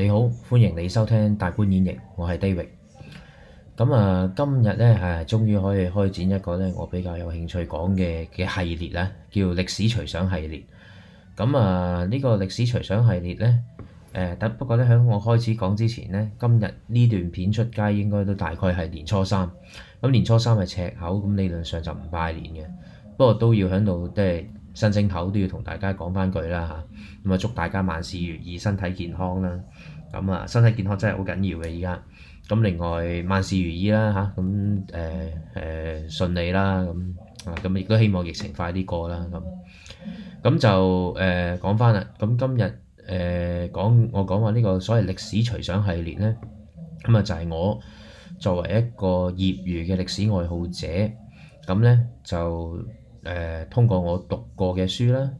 你好，歡迎你收聽大觀演繹，我係 David。今日終於可以開展一個我比較有興趣講嘅系列，叫歷史隨想系列。呢個歷史隨想系列呢，不過喺我開始講之前，今日呢段片出街應該都大概係年初三。年初三係赤口，理論上就唔拜年嘅，不過都要喺度新星頭都要同大家講翻句啦吓，咁啊祝大家萬事如意、身體健康啦。咁啊身體健康真係好緊要嘅而家。咁另外萬事如意啦吓，咁誒誒順利啦咁啊，咁亦都希望疫情快啲過啦咁。咁、嗯、就誒、呃、講翻啦。咁今日誒、呃、講我講話呢個所謂歷史隨想系列咧，咁啊就係、是、我作為一個業餘嘅歷史愛好者，咁咧就。誒，通過我讀過嘅書啦，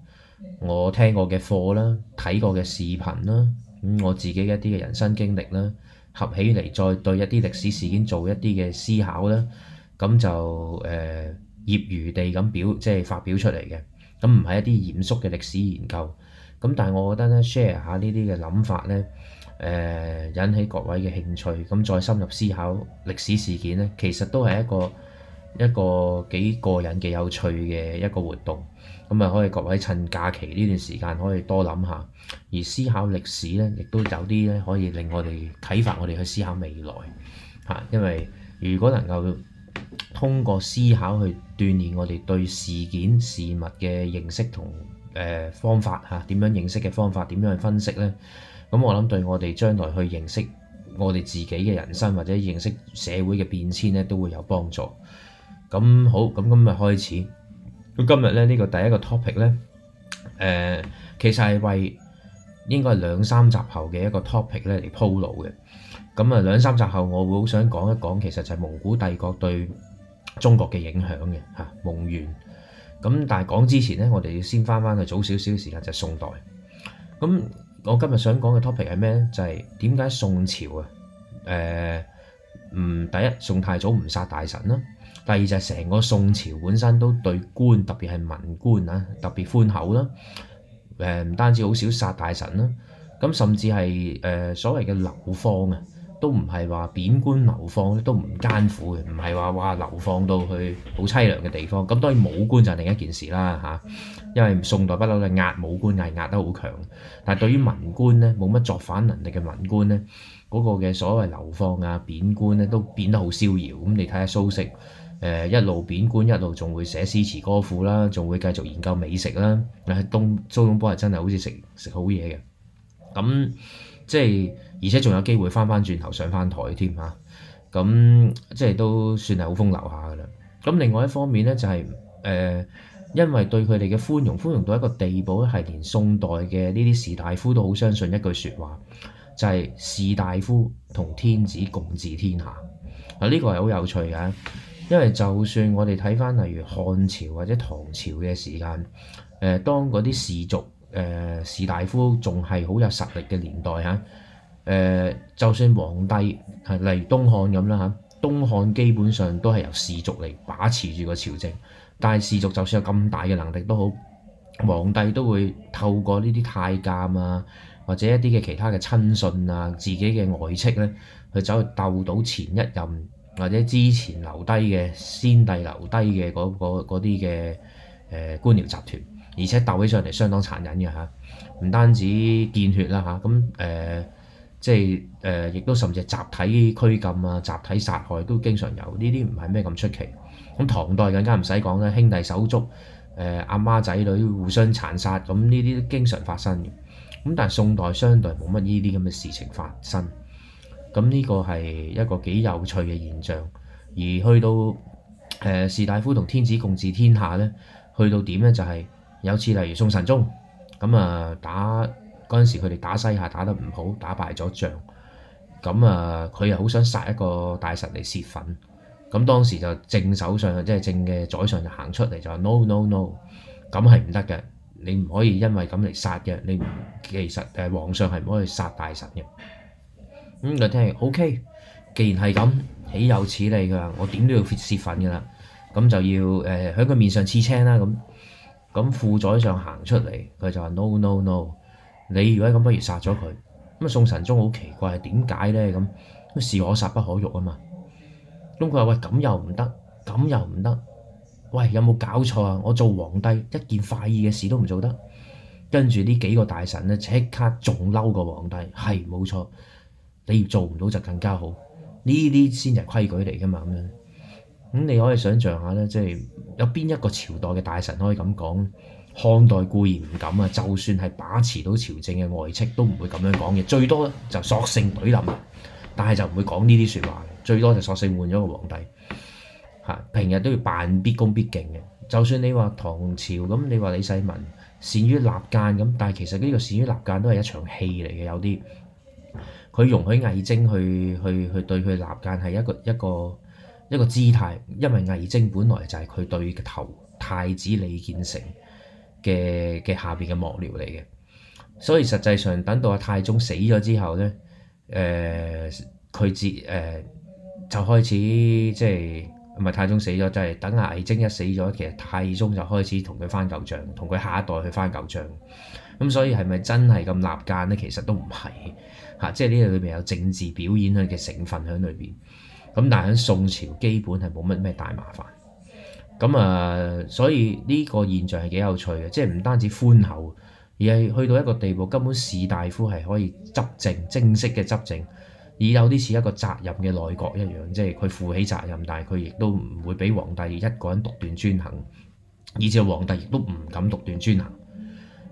我聽過嘅課啦，睇過嘅視頻啦，咁我自己一啲嘅人生經歷啦，合起嚟再對一啲歷史事件做一啲嘅思考啦，咁就誒、呃、業餘地咁表，即係發表出嚟嘅，咁唔係一啲嚴肅嘅歷史研究，咁但係我覺得咧，share 下這些呢啲嘅諗法咧，誒、呃、引起各位嘅興趣，咁再深入思考歷史事件咧，其實都係一個。一個幾過癮幾有趣嘅一個活動，咁啊可以各位趁假期呢段時間可以多諗下，而思考歷史咧，亦都有啲咧可以令我哋啟發我哋去思考未來。嚇，因為如果能夠通過思考去鍛鍊我哋對事件事物嘅認識同誒方法嚇，點樣認識嘅方法，點樣去分析咧，咁我諗對我哋將來去認識我哋自己嘅人生或者認識社會嘅變遷咧，都會有幫助。咁好，咁今日開始。咁今日咧呢、呢個第一個 topic 咧、呃，誒其實係為應該係兩三集後嘅一個 topic 咧嚟鋪路嘅。咁啊，兩三集後我會好想講一講，其實就係蒙古帝國對中國嘅影響嘅啊，蒙元。咁但係講之前咧，我哋要先翻翻去早少少嘅時間，就係、係、宋代。咁我今日想講嘅 topic 係咩咧？就係點解宋朝啊？誒，嗯，第一宋太祖唔殺大臣啦、啊。第二就係成個宋朝本身都對官，特別係文官啊，特別寬厚啦。誒、呃，唔單止好少殺大臣啦，咁、啊、甚至係誒、呃、所謂嘅流放啊，都唔係話貶官流放都唔艱苦嘅，唔係話話流放到去好淒涼嘅地方。咁當然武官就係另一件事啦嚇、啊，因為宋代不嬲咧壓武官係壓得好強，但係對於文官咧冇乜作反能力嘅文官咧，嗰、那個嘅所謂流放啊、貶官咧都變得好逍遙。咁、啊、你睇下蘇軾。誒一路貶官，一路仲會寫詩詞歌賦啦，仲會繼續研究美食啦。嗱，東蘇東坡係真係好似食食好嘢嘅咁，即係而且仲有機會翻翻轉頭上翻台添吓。咁、啊、即係都算係好風流下㗎啦。咁另外一方面呢，就係、是、誒、呃、因為對佢哋嘅寬容寬容到一個地步咧，係連宋代嘅呢啲士大夫都好相信一句説話，就係、是、士大夫同天子共治天下。嗱、啊，呢、這個係好有趣嘅。因為就算我哋睇翻例如漢朝或者唐朝嘅時間，誒、呃、當嗰啲士族、呃、士大夫仲係好有實力嘅年代、呃、就算皇帝係例如東漢咁啦吓，東漢基本上都係由士族嚟把持住個朝政，但係士族就算有咁大嘅能力都好，皇帝都會透過呢啲太監啊或者一啲嘅其他嘅親信啊、自己嘅外戚咧，去走去鬥到前一任，或者之前留低嘅先帝留低嘅嗰啲嘅誒官僚集團，而且鬥起上嚟相當殘忍嘅嚇，唔單止見血啦嚇，咁誒即係誒亦都甚至集體拘禁啊、集體殺害都經常有，呢啲唔係咩咁出奇。咁唐代更加唔使講啦，兄弟手足、誒阿媽仔女互相殘殺，咁呢啲都經常發生嘅。咁但係宋代相對冇乜呢啲咁嘅事情發生。咁呢個係一個幾有趣嘅現象，而去到誒、呃、士大夫同天子共治天下咧，去到點咧就係、是、有次例如宋神宗，咁啊打嗰陣時佢哋打西夏打得唔好，打敗咗仗，咁啊佢又好想殺一個大臣嚟泄憤，咁當時就正首相，即、就、係、是、正嘅宰相就行出嚟就話 no no no，咁係唔得嘅，你唔可以因為咁嚟殺嘅，你其實誒皇上係唔可以殺大臣嘅。咁佢、嗯、聽 OK，既然係咁，豈有此理噶啦，佢話我點都要泄憤噶啦，咁就要誒喺佢面上刺青啦。咁、啊、咁、啊啊、副宰相行出嚟，佢就話 No No No，你如果咁，不如殺咗佢。咁啊，宋神宗好奇怪，點解呢？咁？咁是可殺不可辱啊嘛。咁佢話喂，咁又唔得，咁又唔得，喂有冇搞錯啊？我做皇帝一件快意嘅事都唔做得，跟住呢幾個大臣呢，即刻仲嬲個皇帝係冇錯。是沒錯。你要做唔到就更加好，呢啲先係規矩嚟噶嘛咁樣。咁你可以想象下呢，即係有邊一個朝代嘅大臣可以咁講咧？漢代固然唔敢啊，就算係把持到朝政嘅外戚都唔會咁樣講嘅，最多就索性㨃冧，但係就唔會講呢啲説話，最多就索性換咗個皇帝。嚇，平日都要扮必恭必敬嘅，就算你話唐朝咁，你話李世民善於立諫咁，但係其實呢個善於立諫都係一場戲嚟嘅，有啲。佢容許魏徵去去去對佢立諫係一個一個一個姿態，因為魏徵本來就係佢對頭太子李建成嘅嘅下邊嘅幕僚嚟嘅，所以實際上等到阿太宗死咗之後呢，誒、呃、佢自誒、呃、就開始即係唔係太宗死咗，就係、是、等阿魏徵一死咗，其實太宗就開始同佢翻舊帳，同佢下一代去翻舊帳，咁所以係咪真係咁立諫呢？其實都唔係。嚇、啊，即係呢度裏面有政治表演佢嘅成分喺裏邊，咁但係喺宋朝基本係冇乜咩大麻煩，咁啊，所以呢個現象係幾有趣嘅，即係唔單止寬厚，而係去到一個地步，根本士大夫係可以執政，正式嘅執政，而有啲似一個責任嘅內閣一樣，即係佢負起責任，但係佢亦都唔會俾皇帝一個人獨斷專行，以至皇帝亦都唔敢獨斷專行。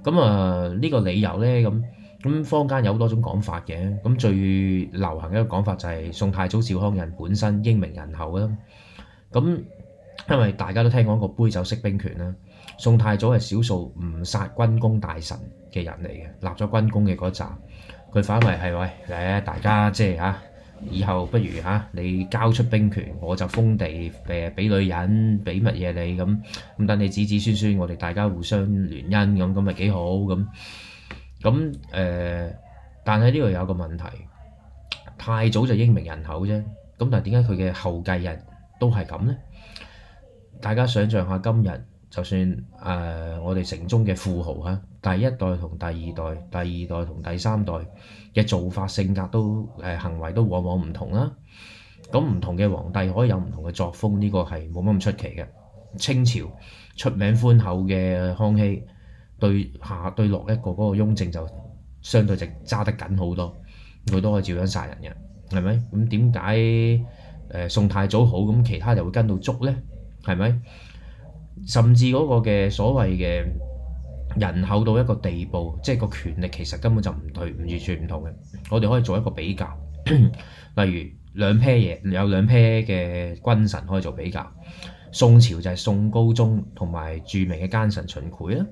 咁啊，呢、呢個理由呢。咁。咁坊間有好多種講法嘅，咁最流行一個講法就係宋太祖趙匡胤本身英明仁厚啦。咁因為大家都聽講過杯酒釋兵權啦，宋太祖係少數唔殺軍功大臣嘅人嚟嘅，立咗軍功嘅嗰扎，佢反為係喂，誒大家即係嚇，以後不如嚇你交出兵權，我就封地誒俾女人，俾乜嘢你咁，咁等你子子孫孫，我哋大家互相聯姻咁，咁咪幾好咁。咁誒、呃，但係呢度有個問題，太早就英明人口啫。咁但係點解佢嘅後繼人都係咁呢？大家想象下，今日就算誒、呃、我哋城中嘅富豪吖，第一代同第二代、第二代同第三代嘅做法性格都誒、呃、行為都往往唔同啦、啊。咁唔同嘅皇帝可以有唔同嘅作風，呢個係冇乜咁出奇嘅。清朝出名寬厚嘅康熙。對下對落一個嗰個雍正就相對就揸得緊好多，佢都可以照樣殺人嘅，係咪？咁點解誒宋太祖好咁，其他就會跟到捉咧？係咪？甚至嗰個嘅所謂嘅人口到一個地步，即係個權力其實根本就唔對，唔完全唔同嘅。我哋可以做一個比較， 例如兩批嘢有兩批嘅君臣可以做比較。宋朝就係宋高宗同埋著名嘅奸臣秦檜啦。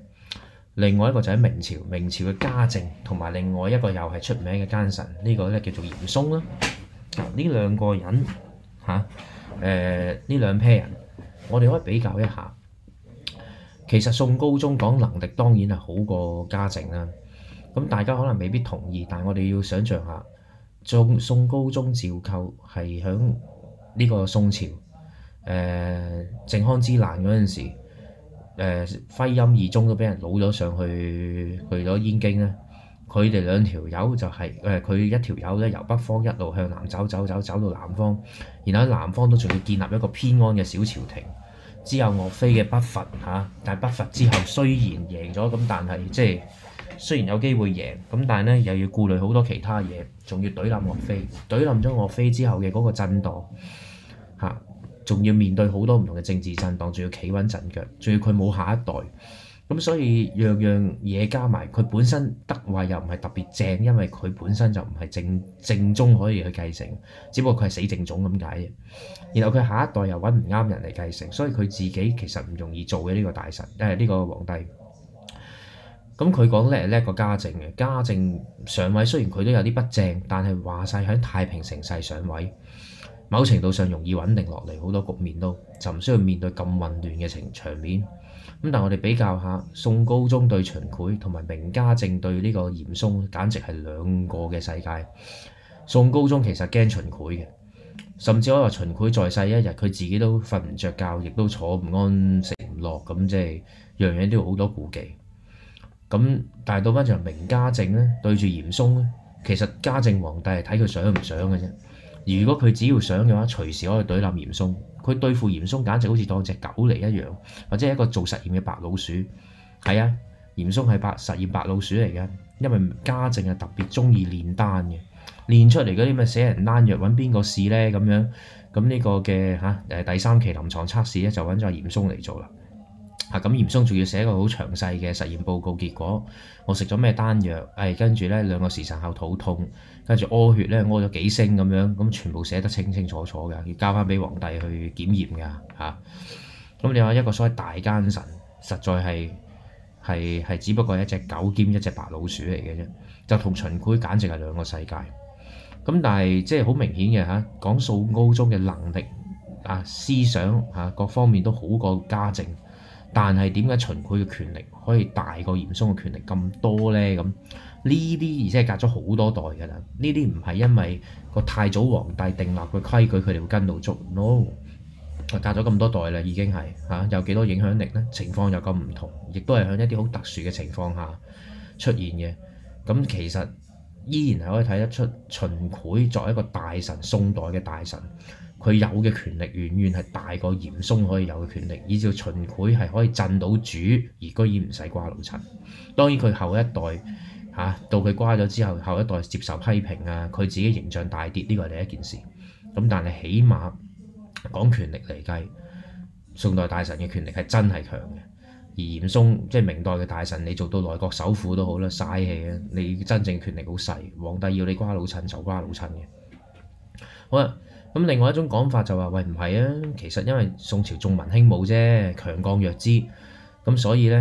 另外一個就喺明朝，明朝嘅嘉靖同埋另外一個又係出名嘅奸臣，這個、呢個咧叫做嚴嵩啦。嗱，呢兩個人嚇，誒呢兩批人，我哋可以比較一下。其實宋高宗講能力當然係好過嘉靖啦。咁大家可能未必同意，但係我哋要想像下，宋宋高宗趙構係響呢個宋朝誒靖、呃、康之難嗰陣時候。誒徽，呃、欽二宗都俾人擄咗上去，去咗燕京啦，佢哋兩條友就係誒，佢一條友咧由北方一路向南走走走走到南方，然後喺南方都仲要建立一個偏安嘅小朝廷。之後岳飛嘅北伐但，啊、但北伐之後雖然贏咗，咁但係即係雖然有機會贏，咁但係咧又要顧慮好多其他嘢，仲要懟冧岳飛，懟冧咗岳飛之後嘅嗰個震盪。仲要面對好多唔同嘅政治震盪，仲要企穩陣腳，仲要佢冇下一代，咁所以樣樣嘢加埋，佢本身德位又唔係特別正，因為佢本身就唔係正正宗可以去繼承，只不過佢係死正種咁解嘅。然後佢下一代又揾唔啱人嚟繼承，所以佢自己其實唔容易做嘅呢、這個大臣，誒、呃、呢、這個皇帝。咁佢講叻叻個家政嘅，家政上位雖然佢都有啲不正，但係話晒喺太平盛世上位。某程度上容易穩定落嚟，好多局面都就唔需要面對咁混亂嘅情場面。咁但係我哋比較下宋高宗對秦檜同埋明嘉靖對呢個嚴嵩，簡直係兩個嘅世界。宋高宗其實驚秦檜嘅，甚至可以話秦檜在世一日，佢自己都瞓唔着覺，亦都坐唔安、食唔落，咁即係樣樣都要好多顧忌。咁但係到翻場明嘉靖呢，對住嚴嵩呢，其實嘉靖皇帝係睇佢想唔想嘅啫。如果佢只要想嘅話，隨時可以㨃冧嚴嵩。佢對付嚴嵩，簡直好似當隻狗嚟一樣，或者係一個做實驗嘅白老鼠。係啊，嚴嵩係白實驗白老鼠嚟嘅，因為嘉靖係特別中意煉丹嘅，煉出嚟嗰啲咩死人丹藥，揾邊個試咧？咁樣咁呢個嘅嚇誒第三期臨床測試咧，就揾咗嚴嵩嚟做啦。咁、啊、嚴嵩仲要寫一個好詳細嘅實驗報告，結果我食咗咩丹藥，跟住咧兩個時辰後肚痛，跟住屙血咧屙咗幾升咁樣，咁全部寫得清清楚楚嘅，要交翻俾皇帝去檢驗㗎嚇咁、啊、你話一個所謂大奸臣，實在係係係，只不過係一隻狗兼一隻白老鼠嚟嘅啫，就同秦檜簡直係兩個世界。咁但係即係好明顯嘅嚇、啊，講數歐中嘅能力啊、思想、啊、各方面都好過嘉靖。但係點解秦檜嘅權力可以大過嚴嵩嘅權力咁多呢？咁呢啲而且係隔咗好多代嘅啦，呢啲唔係因為個太祖皇帝定立嘅規矩，佢哋會跟到足 n 隔咗咁多代啦，已經係嚇、啊、有幾多少影響力呢？情況又咁唔同，亦都係喺一啲好特殊嘅情況下出現嘅。咁其實依然係可以睇得出秦檜作為一個大臣，宋代嘅大臣。佢有嘅權力遠遠係大過嚴嵩可以有嘅權力，以至秦檜係可以鎮到主而居然唔使瓜老襯。當然佢後一代嚇、啊、到佢瓜咗之後，後一代接受批評啊，佢自己形象大跌，呢個係另一件事。咁但係起碼講權力嚟計，宋代大臣嘅權力係真係強嘅，而嚴嵩即係、就是、明代嘅大臣，你做到內閣首輔都好啦，嘥氣啊！你真正權力好細，皇帝要你瓜老襯就瓜老襯嘅。好啦、啊。咁另外一種講法就話：喂，唔係啊，其實因為宋朝重文輕武啫，強幹弱枝。咁所以咧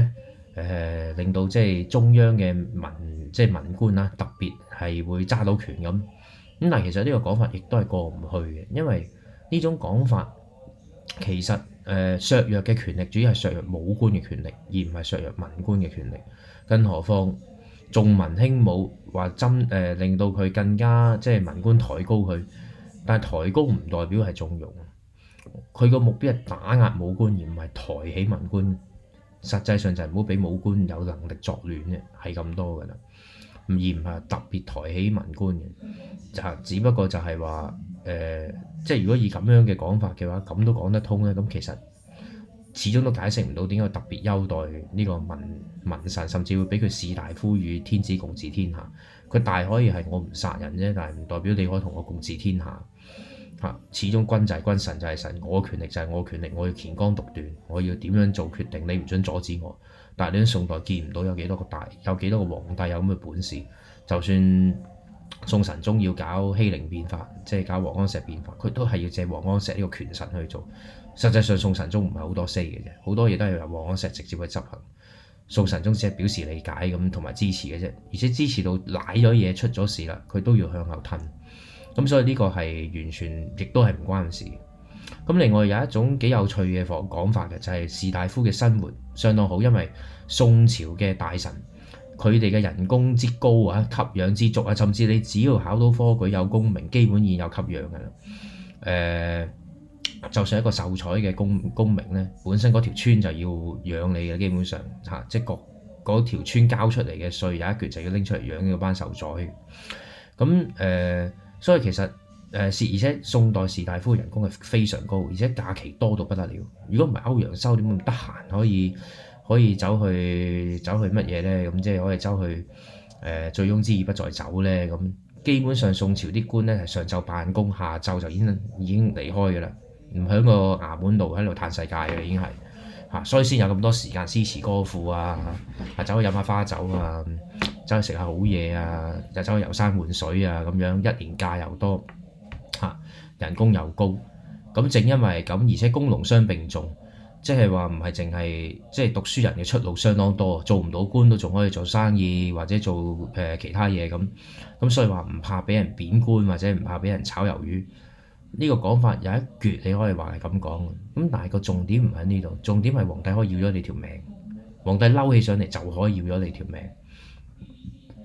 誒、呃、令到即係中央嘅文，即、就、係、是、文官啦、啊，特別係會揸到權咁。咁但係其實呢個講法亦都係過唔去嘅，因為呢種講法其實誒、呃、削弱嘅權力主要係削弱武官嘅權力，而唔係削弱文官嘅權力。更何況重文輕武話增誒令到佢更加即係、就是、文官抬高佢。但係抬高唔代表係縱容，佢個目標係打壓武官而唔係抬起文官。實際上就係唔好俾武官有能力作亂啫，係咁多㗎啦。而唔係特別抬起文官嘅，就只不過就係話、呃、即係如果以咁樣嘅講法嘅話，咁都講得通咧。咁其實始終都解釋唔到點解特別優待呢個文文臣，甚至會俾佢士大夫與天子共治天下。佢大可以係我唔殺人啫，但係唔代表你可以同我共治天下。始終君就係君，神就係神，我嘅權力就係我嘅權力，我要乾綱獨斷，我要點樣做決定，你唔准阻止我。但係你喺宋代見唔到有幾多個大，有幾多個皇帝有咁嘅本事。就算宋神宗要搞熙寧變法，即係搞王安石變法，佢都係要借王安石呢個權臣去做。實際上宋神宗唔係好多 say 嘅啫，好多嘢都係由王安石直接去執行。宋神宗只係表示理解咁同埋支持嘅啫，而且支持到賴咗嘢出咗事啦，佢都要向後褪。咁所以呢個係完全亦都係唔關事。咁另外有一種幾有趣嘅講法嘅，就係、是、士大夫嘅生活相當好，因為宋朝嘅大臣佢哋嘅人工之高啊，給養之足啊，甚至你只要考到科舉有功名，基本已有給養嘅啦。誒、呃，就算一個秀才嘅功功名呢，本身嗰條村就要養你嘅，基本上嚇、啊，即係嗰條村交出嚟嘅稅有一橛就要拎出嚟養嗰班秀才。咁誒。呃所以其實誒而且宋代士大夫嘅人工係非常高，而且假期多到不得了。如果唔係歐陽修點會咁得閒可以可以走去走去乜嘢咧？咁即係可以走去誒醉翁之意不在酒咧。咁基本上宋朝啲官咧係上晝辦公，下晝就已經已經離開㗎啦，唔喺個衙門度喺度嘆世界㗎啦，已經係。所以先有咁多時間詩詞歌賦啊，啊走去飲下花酒啊，走去食下好嘢啊，又走去遊山玩水啊，咁樣一年假又多，嚇，人工又高，咁正因為咁，而且工農商並重，即係話唔係淨係即係讀書人嘅出路相當多，做唔到官都仲可以做生意或者做、呃、其他嘢咁，咁所以話唔怕俾人貶官或者唔怕俾人炒魷魚。呢個講法有一橛，你可以話係咁講，咁但係個重點唔喺呢度，重點係皇帝可以要咗你條命，皇帝嬲起上嚟就可以要咗你條命，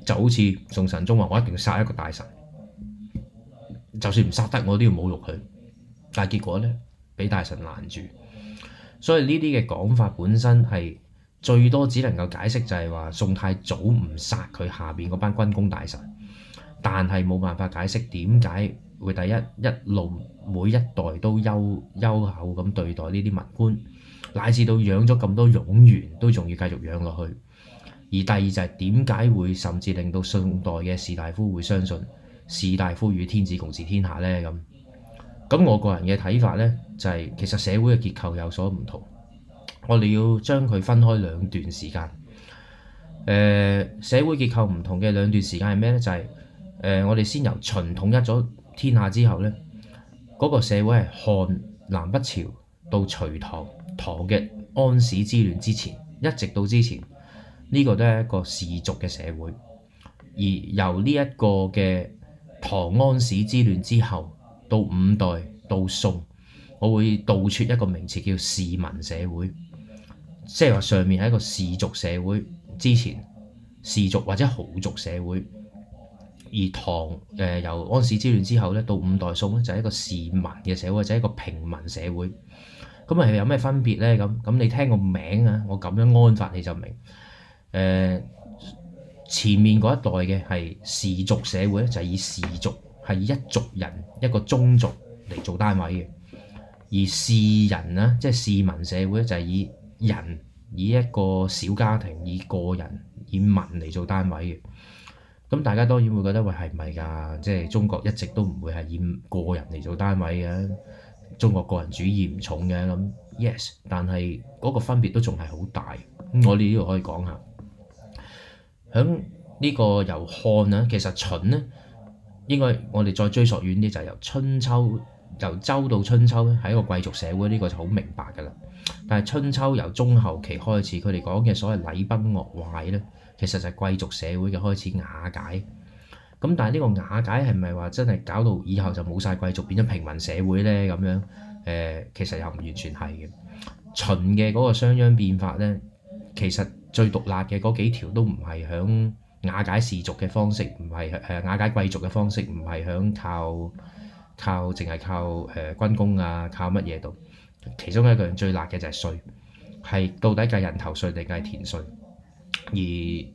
就好似宋神宗話：我一定要殺一個大臣，就算唔殺得，我都要侮辱佢。但係結果呢，俾大臣攔住，所以呢啲嘅講法本身係最多只能夠解釋就係話宋太祖唔殺佢下邊嗰班軍功大臣，但係冇辦法解釋點解。會第一一路每一代都優優厚咁對待呢啲文官，乃至到養咗咁多冗員，都仲要繼續養落去。而第二就係點解會甚至令到宋代嘅士大夫會相信士大夫與天子共治天下呢？咁咁我個人嘅睇法呢，就係、是、其實社會嘅結構有所唔同，我哋要將佢分開兩段時間、呃。社會結構唔同嘅兩段時間係咩呢？就係、是呃、我哋先由秦統一咗。天下之後呢，嗰、那個社會係漢南北朝到隋唐，唐嘅安史之亂之前，一直到之前，呢、這個都係一個氏族嘅社會。而由呢一個嘅唐安史之亂之後，到五代到宋，我會倒出一個名詞叫市民社會，即係話上面係一個氏族社會之前，氏族或者豪族社會。而唐誒、呃、由安史之亂之後咧，到五代宋咧，就係、是、一個士民嘅社會，即、就、係、是、一個平民社會。咁啊，有咩分別呢？咁咁你聽個名啊，我咁樣安法你就明。誒、呃、前面嗰一代嘅係氏族社會咧，就係、是、以氏族係以一族人一個宗族嚟做單位嘅；而士人啦，即係士民社會咧，就係以人以一個小家庭、以個人以民嚟做單位嘅。咁大家當然會覺得喂係咪係㗎？即係中國一直都唔會係以個人嚟做單位嘅，中國個人主義唔重嘅。咁 yes，但係嗰個分別都仲係好大。我哋呢度可以講下，響呢、嗯、個由漢啊，其實秦呢，應該我哋再追溯遠啲就係、是、由春秋，由周到春秋咧，喺一個貴族社會呢、這個就好明白㗎啦。但係春秋由中後期開始，佢哋講嘅所謂禮崩樂壞咧。其實就係貴族社會嘅開始瓦解，咁但係呢個瓦解係咪話真係搞到以後就冇晒貴族變咗平民社會呢？咁樣？誒、呃，其實又唔完全係嘅。秦嘅嗰個商鞅變法呢，其實最毒辣嘅嗰幾條都唔係響瓦解氏族嘅方式，唔係誒瓦解貴族嘅方式，唔係響靠靠淨係靠誒、呃、軍功啊，靠乜嘢度？其中一個最辣嘅就係稅，係到底計人頭稅定計田稅？而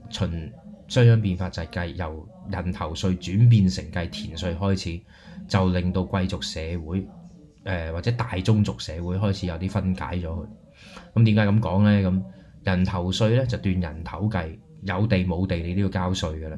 秦商鞅變法就係計由人頭稅轉變成計田稅，開始就令到貴族社會誒、呃、或者大宗族社會開始有啲分解咗。佢咁點解咁講咧？咁人頭稅咧就斷人頭計，有地冇地你都要交稅㗎啦。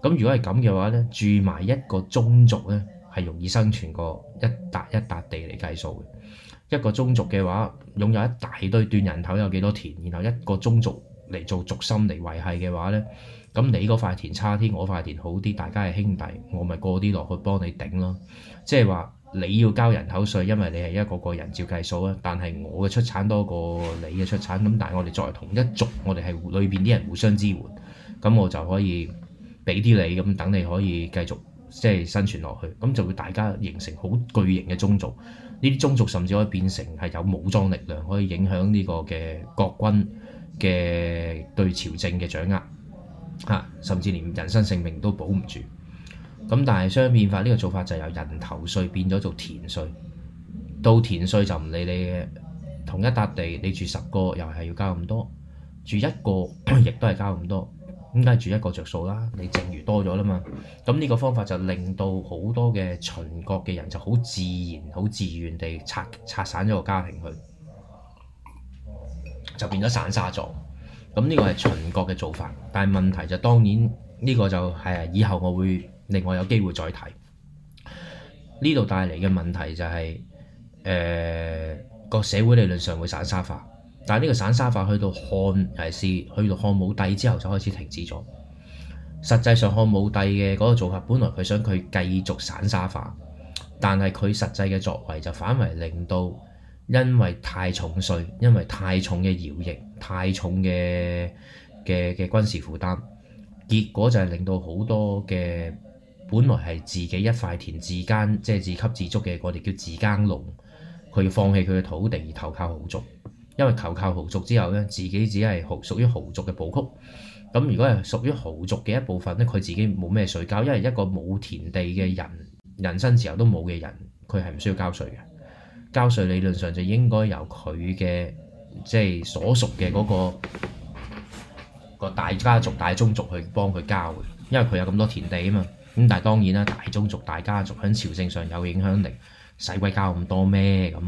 咁如果係咁嘅話咧，住埋一個宗族咧，係容易生存過一笪一笪地嚟計數嘅。一，的一個宗族嘅話，擁有一大堆斷人頭有幾多田，然後一個宗族。嚟做族心嚟維繫嘅話呢，咁你嗰塊田差啲，我塊田好啲，大家係兄弟，我咪過啲落去幫你頂咯。即係話你要交人口稅，因為你係一個個人照計數啊。但係我嘅出產多過你嘅出產，咁但係我哋作為同一族，我哋係裏邊啲人互相支援，咁我就可以俾啲你，咁等你可以繼續即係、就是、生存落去，咁就會大家形成好巨型嘅宗族。呢啲宗族甚至可以變成係有武裝力量，可以影響呢個嘅國軍。嘅對朝政嘅掌握，嚇、啊，甚至連人身性命都保唔住。咁但係商鞅變法呢個做法就由人頭稅變咗做田稅，到田稅就唔理你嘅，同一笪地你住十個又係要交咁多，住一個亦都係交咁多。點解住一個着數啦？你剩餘多咗啦嘛。咁呢個方法就令到好多嘅秦國嘅人就好自然、好自願地拆拆散咗個家庭去。就變咗散沙狀，咁呢個係秦國嘅做法，但問題就係，當然呢個就係、係，以後我會另外有機會再提，呢度帶嚟嘅問題就係誒個社會理論上會散沙化，但呢個散沙化去到漢，尤其是去到漢武帝之後就開始停止咗。實際上漢武帝嘅嗰個做法，本來佢想佢繼續散沙化，但係佢實際嘅作為就反為令到。因為太重稅，因為太重嘅徭役，太重嘅嘅嘅軍事負擔，結果就係令到好多嘅本來係自己一塊田自耕，即係自給自足嘅，我哋叫自耕農，佢要放棄佢嘅土地而投靠豪族，因為投靠豪族之後咧，自己只係豪屬於豪族嘅部曲。咁如果係屬於豪族嘅一部分咧，佢自己冇咩稅交，因為一個冇田地嘅人，人生自由都冇嘅人，佢係唔需要交稅嘅。交稅理論上就應該由佢嘅即係所屬嘅嗰個個大家族大宗族去幫佢交嘅，因為佢有咁多田地啊嘛。咁但係當然啦，大宗族大家族喺朝政上有影響力，使鬼交咁多咩咁？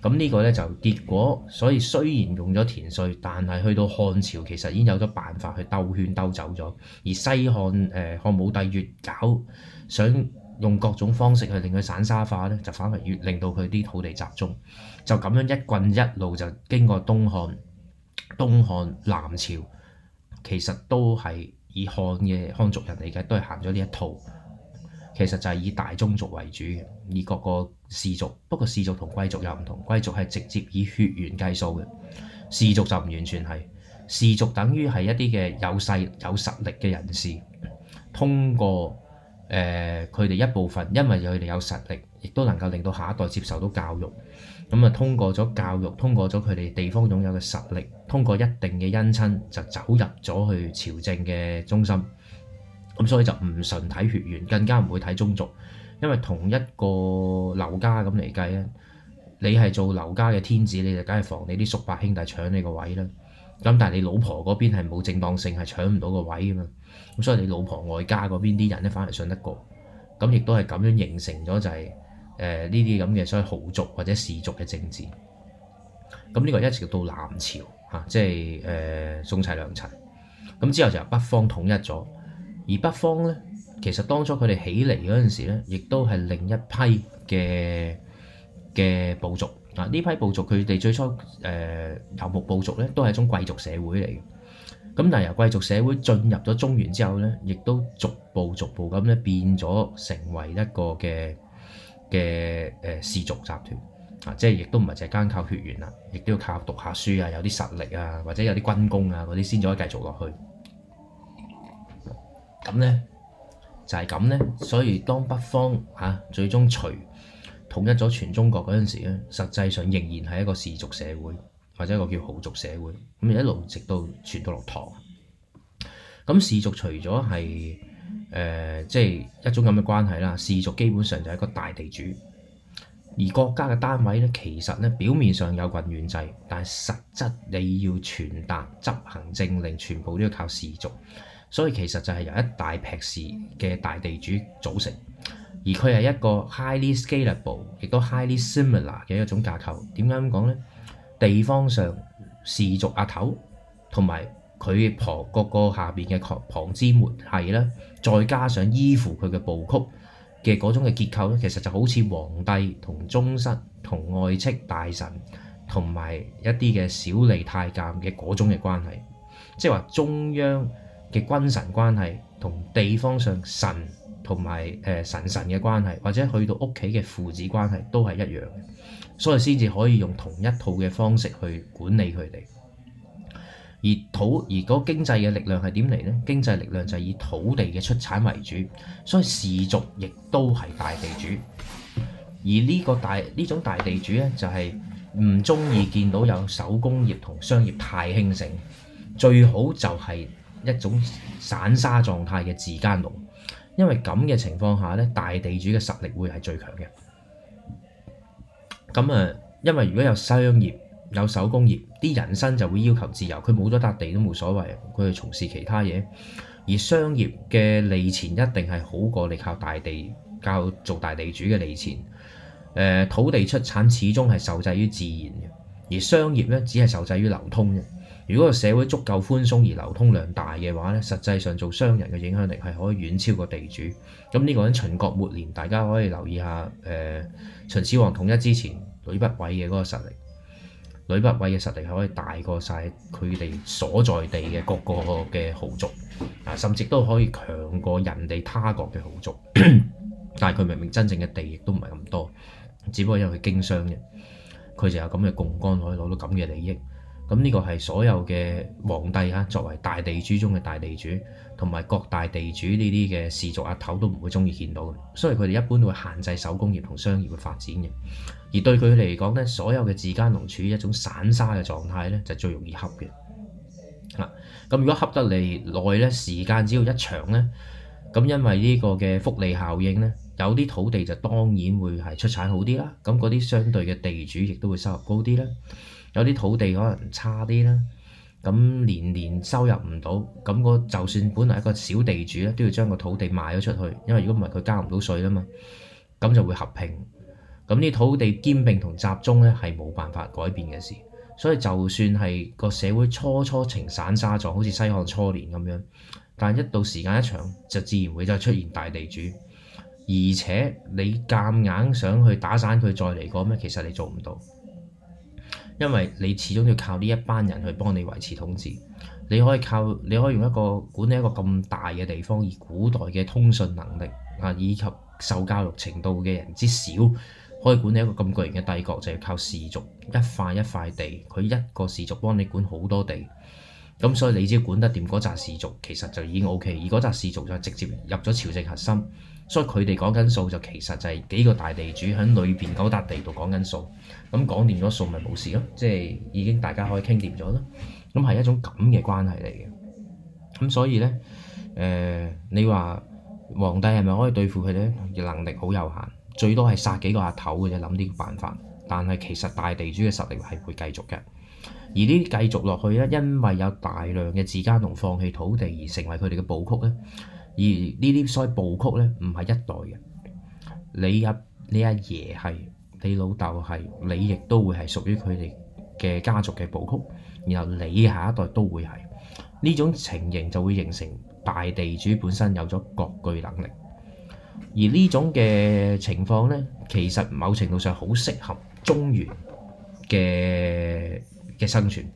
咁呢個咧就結果，所以雖然用咗田稅，但係去到漢朝其實已經有咗辦法去兜圈兜走咗。而西漢誒、呃、漢武帝越搞想。用各種方式去令佢散沙化呢就反而越令到佢啲土地集中。就咁樣一棍一路就經過東漢、東漢南朝，其實都係以漢嘅漢族人嚟嘅，都係行咗呢一套。其實就係以大宗族為主，以各個氏族。不過氏族同貴族又唔同，貴族係直接以血緣計數嘅，氏族就唔完全係。氏族等於係一啲嘅有勢有實力嘅人士通過。誒，佢哋一部分，因為佢哋有實力，亦都能夠令到下一代接受到教育。咁啊，通過咗教育，通過咗佢哋地方擁有嘅實力，通過一定嘅姻親，就走入咗去朝政嘅中心。咁所以就唔純睇血緣，更加唔會睇宗族，因為同一個劉家咁嚟計啊，你係做劉家嘅天子，你就梗係防你啲叔伯兄弟搶你個位啦。咁但係你老婆嗰邊係冇正當性，係搶唔到個位㗎嘛。咁所以你老婆外家嗰邊啲人咧，反而信得過。咁亦都係咁樣形成咗就係誒呢啲咁嘅，呃、所謂豪族或者士族嘅政治。咁呢個一直到南朝嚇，即係誒宋齊梁陳。咁之後就由北方統一咗，而北方咧，其實當初佢哋起嚟嗰陣時咧，亦都係另一批嘅嘅部族啊。呢批部族佢哋最初誒、呃、遊牧部族咧，都係一種貴族社會嚟嘅。咁但係由貴族社會進入咗中原之後咧，亦都逐步逐步咁咧變咗成為一個嘅嘅誒士族集團啊！即係亦都唔係凈係單靠血緣啦，亦都要靠讀下書啊、有啲實力啊、或者有啲軍功啊嗰啲先至可以繼續落去。咁咧就係咁咧，所以當北方嚇、啊、最終隋統一咗全中國嗰陣時咧，實際上仍然係一個士族社會。或者一個叫豪族社會，咁一路直到傳到落唐。咁士族除咗係誒，即係一種咁嘅關係啦。士族基本上就係一個大地主，而國家嘅單位咧，其實咧表面上有郡縣制，但係實質你要傳達執行政令，全部都要靠士族，所以其實就係由一大批士嘅大地主組成。而佢係一個 highly scalable 亦都 highly similar 嘅一種架構。點解咁講咧？地方上氏族阿頭同埋佢婆個個下面嘅旁支末系啦，再加上依附佢嘅部曲嘅嗰種嘅結構咧，其實就好似皇帝同宗室同外戚大臣同埋一啲嘅小吏太監嘅嗰種嘅關係，即係話中央嘅君臣關係同地方上臣同埋誒臣臣嘅關係，或者去到屋企嘅父子關係都係一樣。所以先至可以用同一套嘅方式去管理佢哋，而土而個經濟嘅力量係點嚟呢？經濟力量就係以土地嘅出產為主，所以氏族亦都係大地主。而呢個大呢種大地主咧，就係唔中意見到有手工業同商業太興盛，最好就係一種散沙狀態嘅自耕農，因為咁嘅情況下咧，大地主嘅實力會係最強嘅。咁啊，因為如果有商業有手工業，啲人生就會要求自由，佢冇咗笪地都冇所謂，佢去從事其他嘢。而商業嘅利錢一定係好過你靠大地靠做大地主嘅利錢。呃，土地出產始終係受制於自然嘅，而商業呢，只係受制於流通嘅。如果個社會足夠寬鬆而流通量大嘅話呢，實際上做商人嘅影響力係可以遠超過地主。咁呢個喺秦國末年，大家可以留意一下誒、呃、秦始皇統一之前，呂不韋嘅嗰個實力。呂不韋嘅實力係可以大過晒佢哋所在地嘅各個嘅豪族，啊，甚至都可以強過人哋他，他國嘅豪族。但係佢明明真正嘅地亦都唔係咁多，只不過因為佢經商嘅，佢就有咁嘅槓桿，可以攞到咁嘅利益。咁呢個係所有嘅皇帝啊，作為大地主中嘅大地主，同埋各大地主呢啲嘅氏族阿頭都唔會中意見到嘅，所以佢哋一般都會限制手工業同商業嘅發展嘅。而對佢嚟講呢，所有嘅自耕農處於一種散沙嘅狀態呢，就最容易恰嘅。咁、啊、如果恰得嚟耐呢，時間只要一長呢，咁因為呢個嘅福利效應呢，有啲土地就當然會係出產好啲啦，咁嗰啲相對嘅地主亦都會收入高啲啦。有啲土地可能差啲啦，咁年年收入唔到，咁個就算本來一個小地主咧，都要將個土地賣咗出去，因為如果唔係佢交唔到稅啊嘛，咁就會合併，咁啲土地兼併同集中咧係冇辦法改變嘅事，所以就算係個社會初初呈散沙狀，好似西漢初年咁樣，但一到時間一長，就自然會再出現大地主，而且你夾硬想去打散佢再嚟過咩？其實你做唔到。因為你始終要靠呢一班人去幫你維持統治，你可以靠，你可以用一個管理一個咁大嘅地方，以古代嘅通訊能力啊，以及受教育程度嘅人之少，可以管理一個咁巨型嘅帝國，就係靠士族一塊一塊地，佢一個士族幫你管好多地。咁所以你只要管得掂嗰扎士族，其實就已經 OK。而嗰扎士族就直接入咗朝政核心。所以佢哋講緊數就其實就係幾個大地主喺裏邊嗰笪地度講緊數，咁講掂咗數咪冇事咯，即係已經大家可以傾掂咗咯。咁係一種咁嘅關係嚟嘅。咁所以呢，誒、呃、你話皇帝係咪可以對付佢呢？能力好有限，最多係殺幾個阿頭嘅啫，諗啲辦法。但係其實大地主嘅實力係會繼續嘅。而呢啲繼續落去呢，因為有大量嘅自耕農放棄土地而成為佢哋嘅部曲呢。而呢啲所謂部曲咧，唔係一代嘅，你阿你阿爺係，你老豆係，你亦都會係屬於佢哋嘅家族嘅部曲，然後你下一代都會係，呢種情形就會形成大地主本身有咗割據能力，而呢種嘅情況咧，其實某程度上好適合中原嘅嘅生存，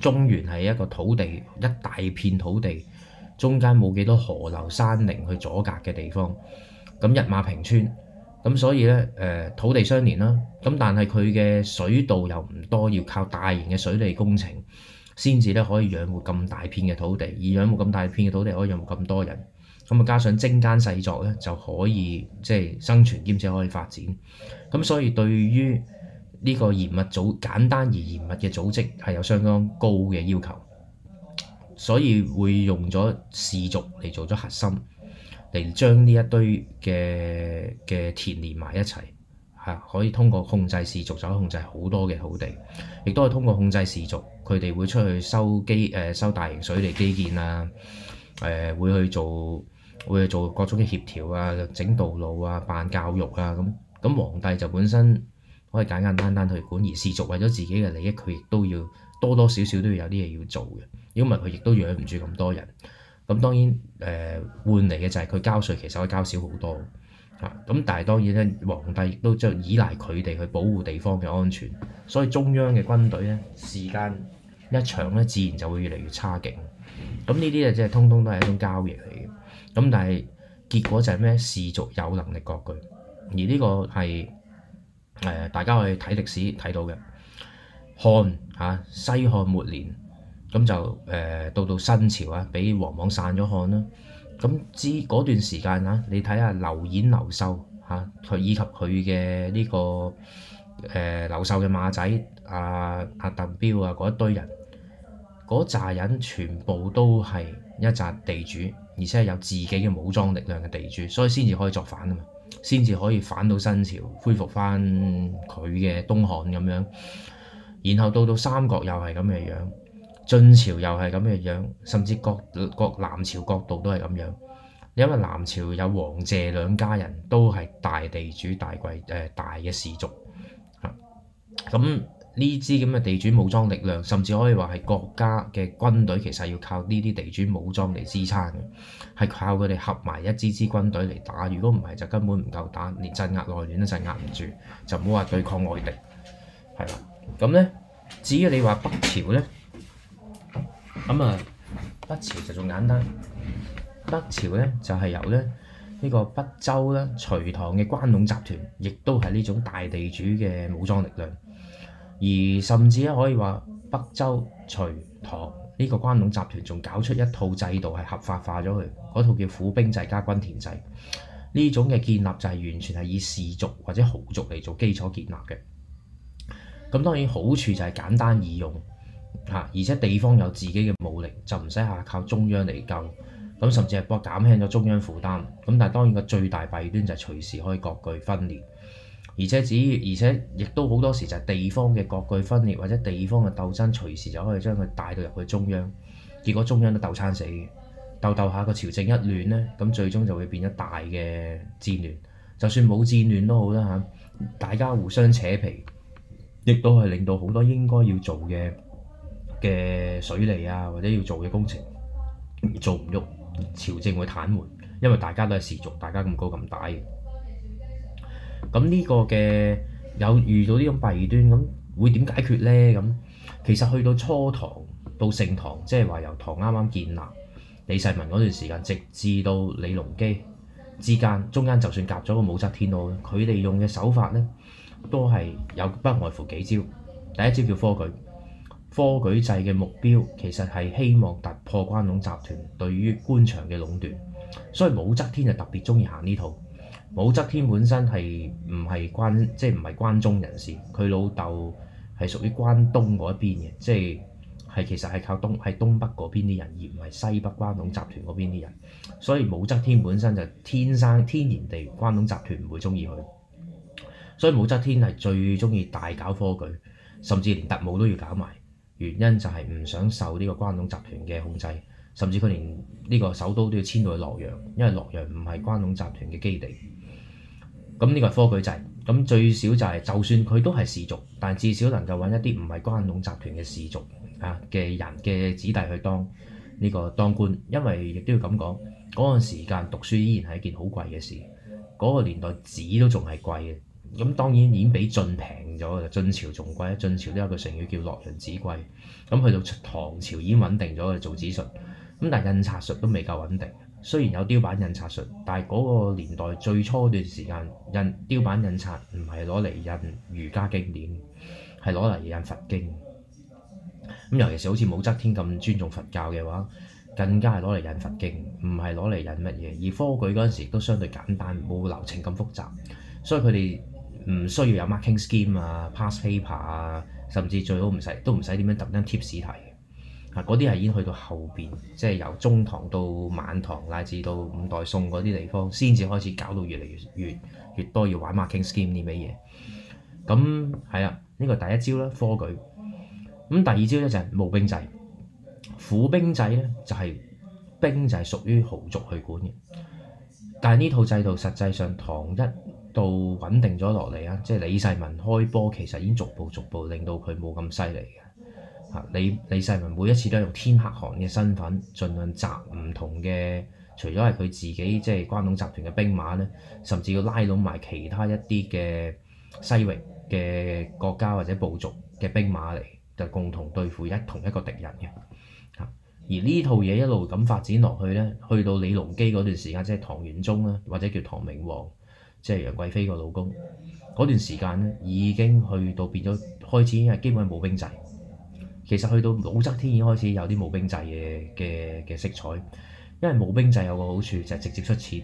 中原係一個土地一大片土地。中間冇幾多河流山嶺去阻隔嘅地方，咁一馬平川，咁所以呢、呃，土地相連啦，咁但係佢嘅水道又唔多，要靠大型嘅水利工程先至咧可以養活咁大片嘅土地，而養活咁大片嘅土地可以養活咁多人，咁啊加上精耕細作呢，就可以即係、就是、生存兼且可以發展，咁所以對於呢個嚴密組簡單而嚴密嘅組織係有相當高嘅要求。所以會用咗氏族嚟做咗核心，嚟將呢一堆嘅嘅田連埋一齊嚇，可以通過控制氏族就可以控制好多嘅土地，亦都係通過控制氏族，佢哋會出去收機收大型水利基建啊，誒、呃、會去做會去做各種嘅協調啊、整道路啊、辦教育啊咁。咁皇帝就本身可以簡簡單單去管，而氏族為咗自己嘅利益，佢亦都要多多少少都要有啲嘢要做嘅。因為佢亦都養唔住咁多人。咁當然誒、呃、換嚟嘅就係佢交稅，其實佢交少好多嚇。咁、啊、但係當然咧，皇帝亦都就依賴佢哋去保護地方嘅安全，所以中央嘅軍隊咧時間一長咧，自然就會越嚟越差勁。咁呢啲誒即係通通都係一種交易嚟嘅。咁、啊、但係結果就係咩？世族有能力割據，而呢個係誒、呃、大家去睇歷史睇到嘅。漢嚇、啊、西漢末年。咁就、呃、到到新朝啊，俾王莽散咗漢啦。咁之嗰段時間嚇、啊，你睇下劉演、啊這個呃、劉秀佢以及佢嘅呢個誒劉秀嘅馬仔阿阿、啊、鄧彪啊，嗰一堆人嗰扎人全部都係一扎地主，而且有自己嘅武裝力量嘅地主，所以先至可以作反啊嘛，先至可以反到新朝，恢復翻佢嘅東漢咁樣。然後到到三國又係咁嘅樣,樣。晉朝又係咁嘅樣，甚至各各南朝角度都係咁樣。因為南朝有王謝兩家人都係大地主、大貴誒、呃、大嘅士族，嚇咁呢支咁嘅地主武裝力量，甚至可以話係國家嘅軍隊，其實要靠呢啲地主武裝嚟支撐嘅，係靠佢哋合埋一支支軍隊嚟打。如果唔係就根本唔夠打，連鎮壓內亂都鎮壓唔住，就冇話對抗外敵係啦。咁呢？至於你話北朝呢？咁啊、嗯，北朝就仲簡單。北朝呢，就係、是、由咧呢、這個北周啦、隋唐嘅關隴集團，亦都係呢種大地主嘅武裝力量。而甚至咧可以話北周、隋唐呢個關隴集團仲搞出一套制度，係合法化咗佢嗰套叫府兵制加均田制。呢種嘅建立就係完全係以士族或者豪族嚟做基礎建立嘅。咁當然好處就係簡單易用。嚇！而且地方有自己嘅武力，就唔使下靠中央嚟救咁，甚至係幫減輕咗中央負擔。咁但係當然個最大弊端就係隨時可以割據分裂，而且只而且亦都好多時就係地方嘅割據分裂或者地方嘅鬥爭，隨時就可以將佢帶到入去中央。結果中央都鬥攤死嘅，鬥鬥下個朝政一亂呢，咁最終就會變咗大嘅戰亂。就算冇戰亂都好啦嚇，大家互相扯皮，亦都係令到好多應該要做嘅嘅水利啊，或者要做嘅工程做唔喐，朝政會癱瘓，因為大家都係世族，大家咁高咁大嘅。咁呢個嘅有遇到呢種弊端，咁會點解決咧？咁其實去到初唐到盛唐，即係話由唐啱啱建立李世民嗰段時間直至到李隆基之間，中間就算夾咗個武則天咯，佢哋用嘅手法咧，都係有不外乎幾招。第一招叫科舉。科舉制嘅目標其實係希望突破關隴集團對於官場嘅壟斷，所以武則天就特別中意行呢套。武則天本身係唔係關、即係唔係關中人士，佢老豆係屬於關東嗰一邊嘅，即係、係、其實係靠東係東北嗰邊啲人，而唔係西北關隴集團嗰邊啲人，所以武則天本身就天生天然地關隴集團唔會中意佢，所以武則天係最中意大搞科舉，甚至連特務都要搞埋。原因就係唔想受呢個關隴集團嘅控制，甚至佢連呢個首都都要遷到去洛陽，因為洛陽唔係關隴集團嘅基地。咁呢個係科舉制，咁最少就係、是、就算佢都係士族，但係至少能夠揾一啲唔係關隴集團嘅士族啊嘅人嘅子弟去當呢、這個當官，因為亦都要咁講，嗰、那個時間讀書依然係一件好貴嘅事，嗰、那個年代紙都仲係貴嘅。咁當然已經比晉平咗啦，晉朝仲貴，晉朝都有個成語叫洛陽紙貴。咁去到唐朝已經穩定咗，造紙術。咁但係印刷術都未夠穩定。雖然有雕版印刷術，但係嗰個年代最初嗰段時間，印雕版印刷唔係攞嚟印儒家經典，係攞嚟印佛經。咁尤其是好似武則天咁尊重佛教嘅話，更加係攞嚟印佛經，唔係攞嚟印乜嘢。而科舉嗰陣時都相對簡單，冇流程咁複雜，所以佢哋。唔需要有 marking scheme 啊，past paper 啊，甚至最好唔使都唔使點樣特登貼 tips 題，嗰啲係已經去到後邊，即係由中唐到晚唐乃至到五代宋嗰啲地方，先至開始搞到越嚟越越越多要玩 marking scheme 呢咩嘢。咁係啦，呢個第一招啦，科舉。咁第二招咧就係募兵制、府兵制咧，就係兵制係屬於豪族去管嘅。但係呢套制度實際上唐一。到穩定咗落嚟啊！即係李世民開波，其實已經逐步逐步令到佢冇咁犀利嘅。啊，李李世民每一次都係用天可汗嘅身份，盡量集唔同嘅，除咗係佢自己即係關東集團嘅兵馬呢，甚至要拉攏埋其他一啲嘅西域嘅國家或者部族嘅兵馬嚟，就共同對付一同一個敵人嘅。啊，而呢套嘢一路咁發展落去呢，去到李隆基嗰段時間，即係唐玄宗啦，或者叫唐明皇。即係楊貴妃個老公，嗰段時間咧已經去到變咗開始，已經係基本係募兵制。其實去到武則天已經開始有啲募兵制嘅嘅嘅色彩，因為募兵制有個好處就係、是、直接出錢，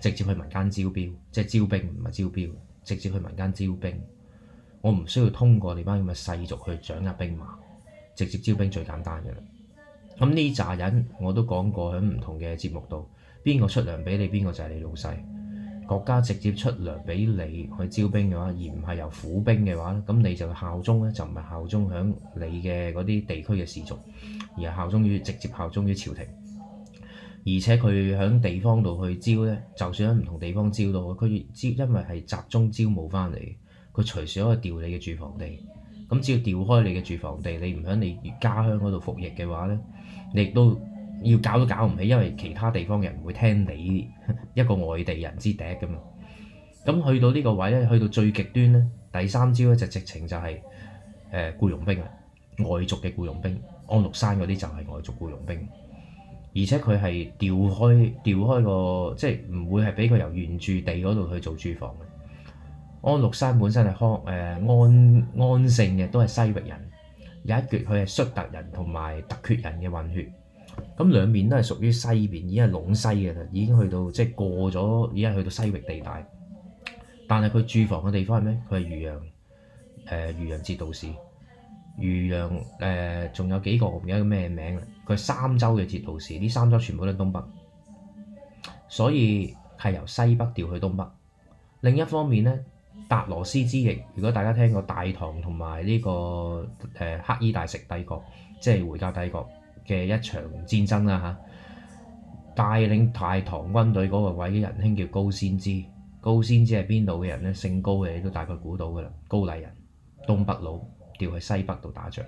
直接去民間招標，即係招兵唔係招標，直接去民間招兵。我唔需要通過你班咁嘅世族去掌握兵馬，直接招兵最簡單嘅啦。咁呢扎人我都講過喺唔同嘅節目度，邊個出糧俾你，邊個就係你老細。國家直接出糧俾你去招兵嘅話，而唔係由府兵嘅話咧，咁你就效忠咧就唔係效忠響你嘅嗰啲地區嘅士族，而係效忠於直接效忠於朝廷。而且佢響地方度去招咧，就算喺唔同地方招到，佢招因為係集中招募翻嚟，佢隨時可以調你嘅駐防地。咁只要調開你嘅駐防地，你唔響你家鄉嗰度服役嘅話咧，你亦都～要搞都搞唔起，因為其他地方人唔會聽你一個外地人之笛㗎嘛。咁去到呢個位咧，去到最極端咧，第三招咧就直情就係誒僱傭兵啊，外族嘅僱傭兵。安祿山嗰啲就係外族僱傭兵，而且佢係調開調開個，即係唔會係俾佢由原住地嗰度去做住房嘅。安祿山本身係康誒安安姓嘅，都係西域人，有一橛佢係粟特人同埋突厥人嘅混血。咁兩面都係屬於西邊，已經係隴西嘅啦，已經去到即係過咗，已經係去到西域地帶。但係佢住房嘅地方係咩？佢係漁陽，誒漁陽節度使。漁陽誒仲有幾個唔記得叫咩名啦？佢係三州嘅節度使。呢三州全部都係東北，所以係由西北調去東北。另一方面呢，達羅斯之役，如果大家聽過大唐同埋呢個誒、呃、黑衣大食帝國，即係回教帝國。嘅一場戰爭啦嚇，帶領大唐軍隊嗰個位仁兄叫高仙芝，高仙芝係邊度嘅人呢？姓高嘅你都大概估到噶啦，高麗人，東北佬，調去西北度打仗。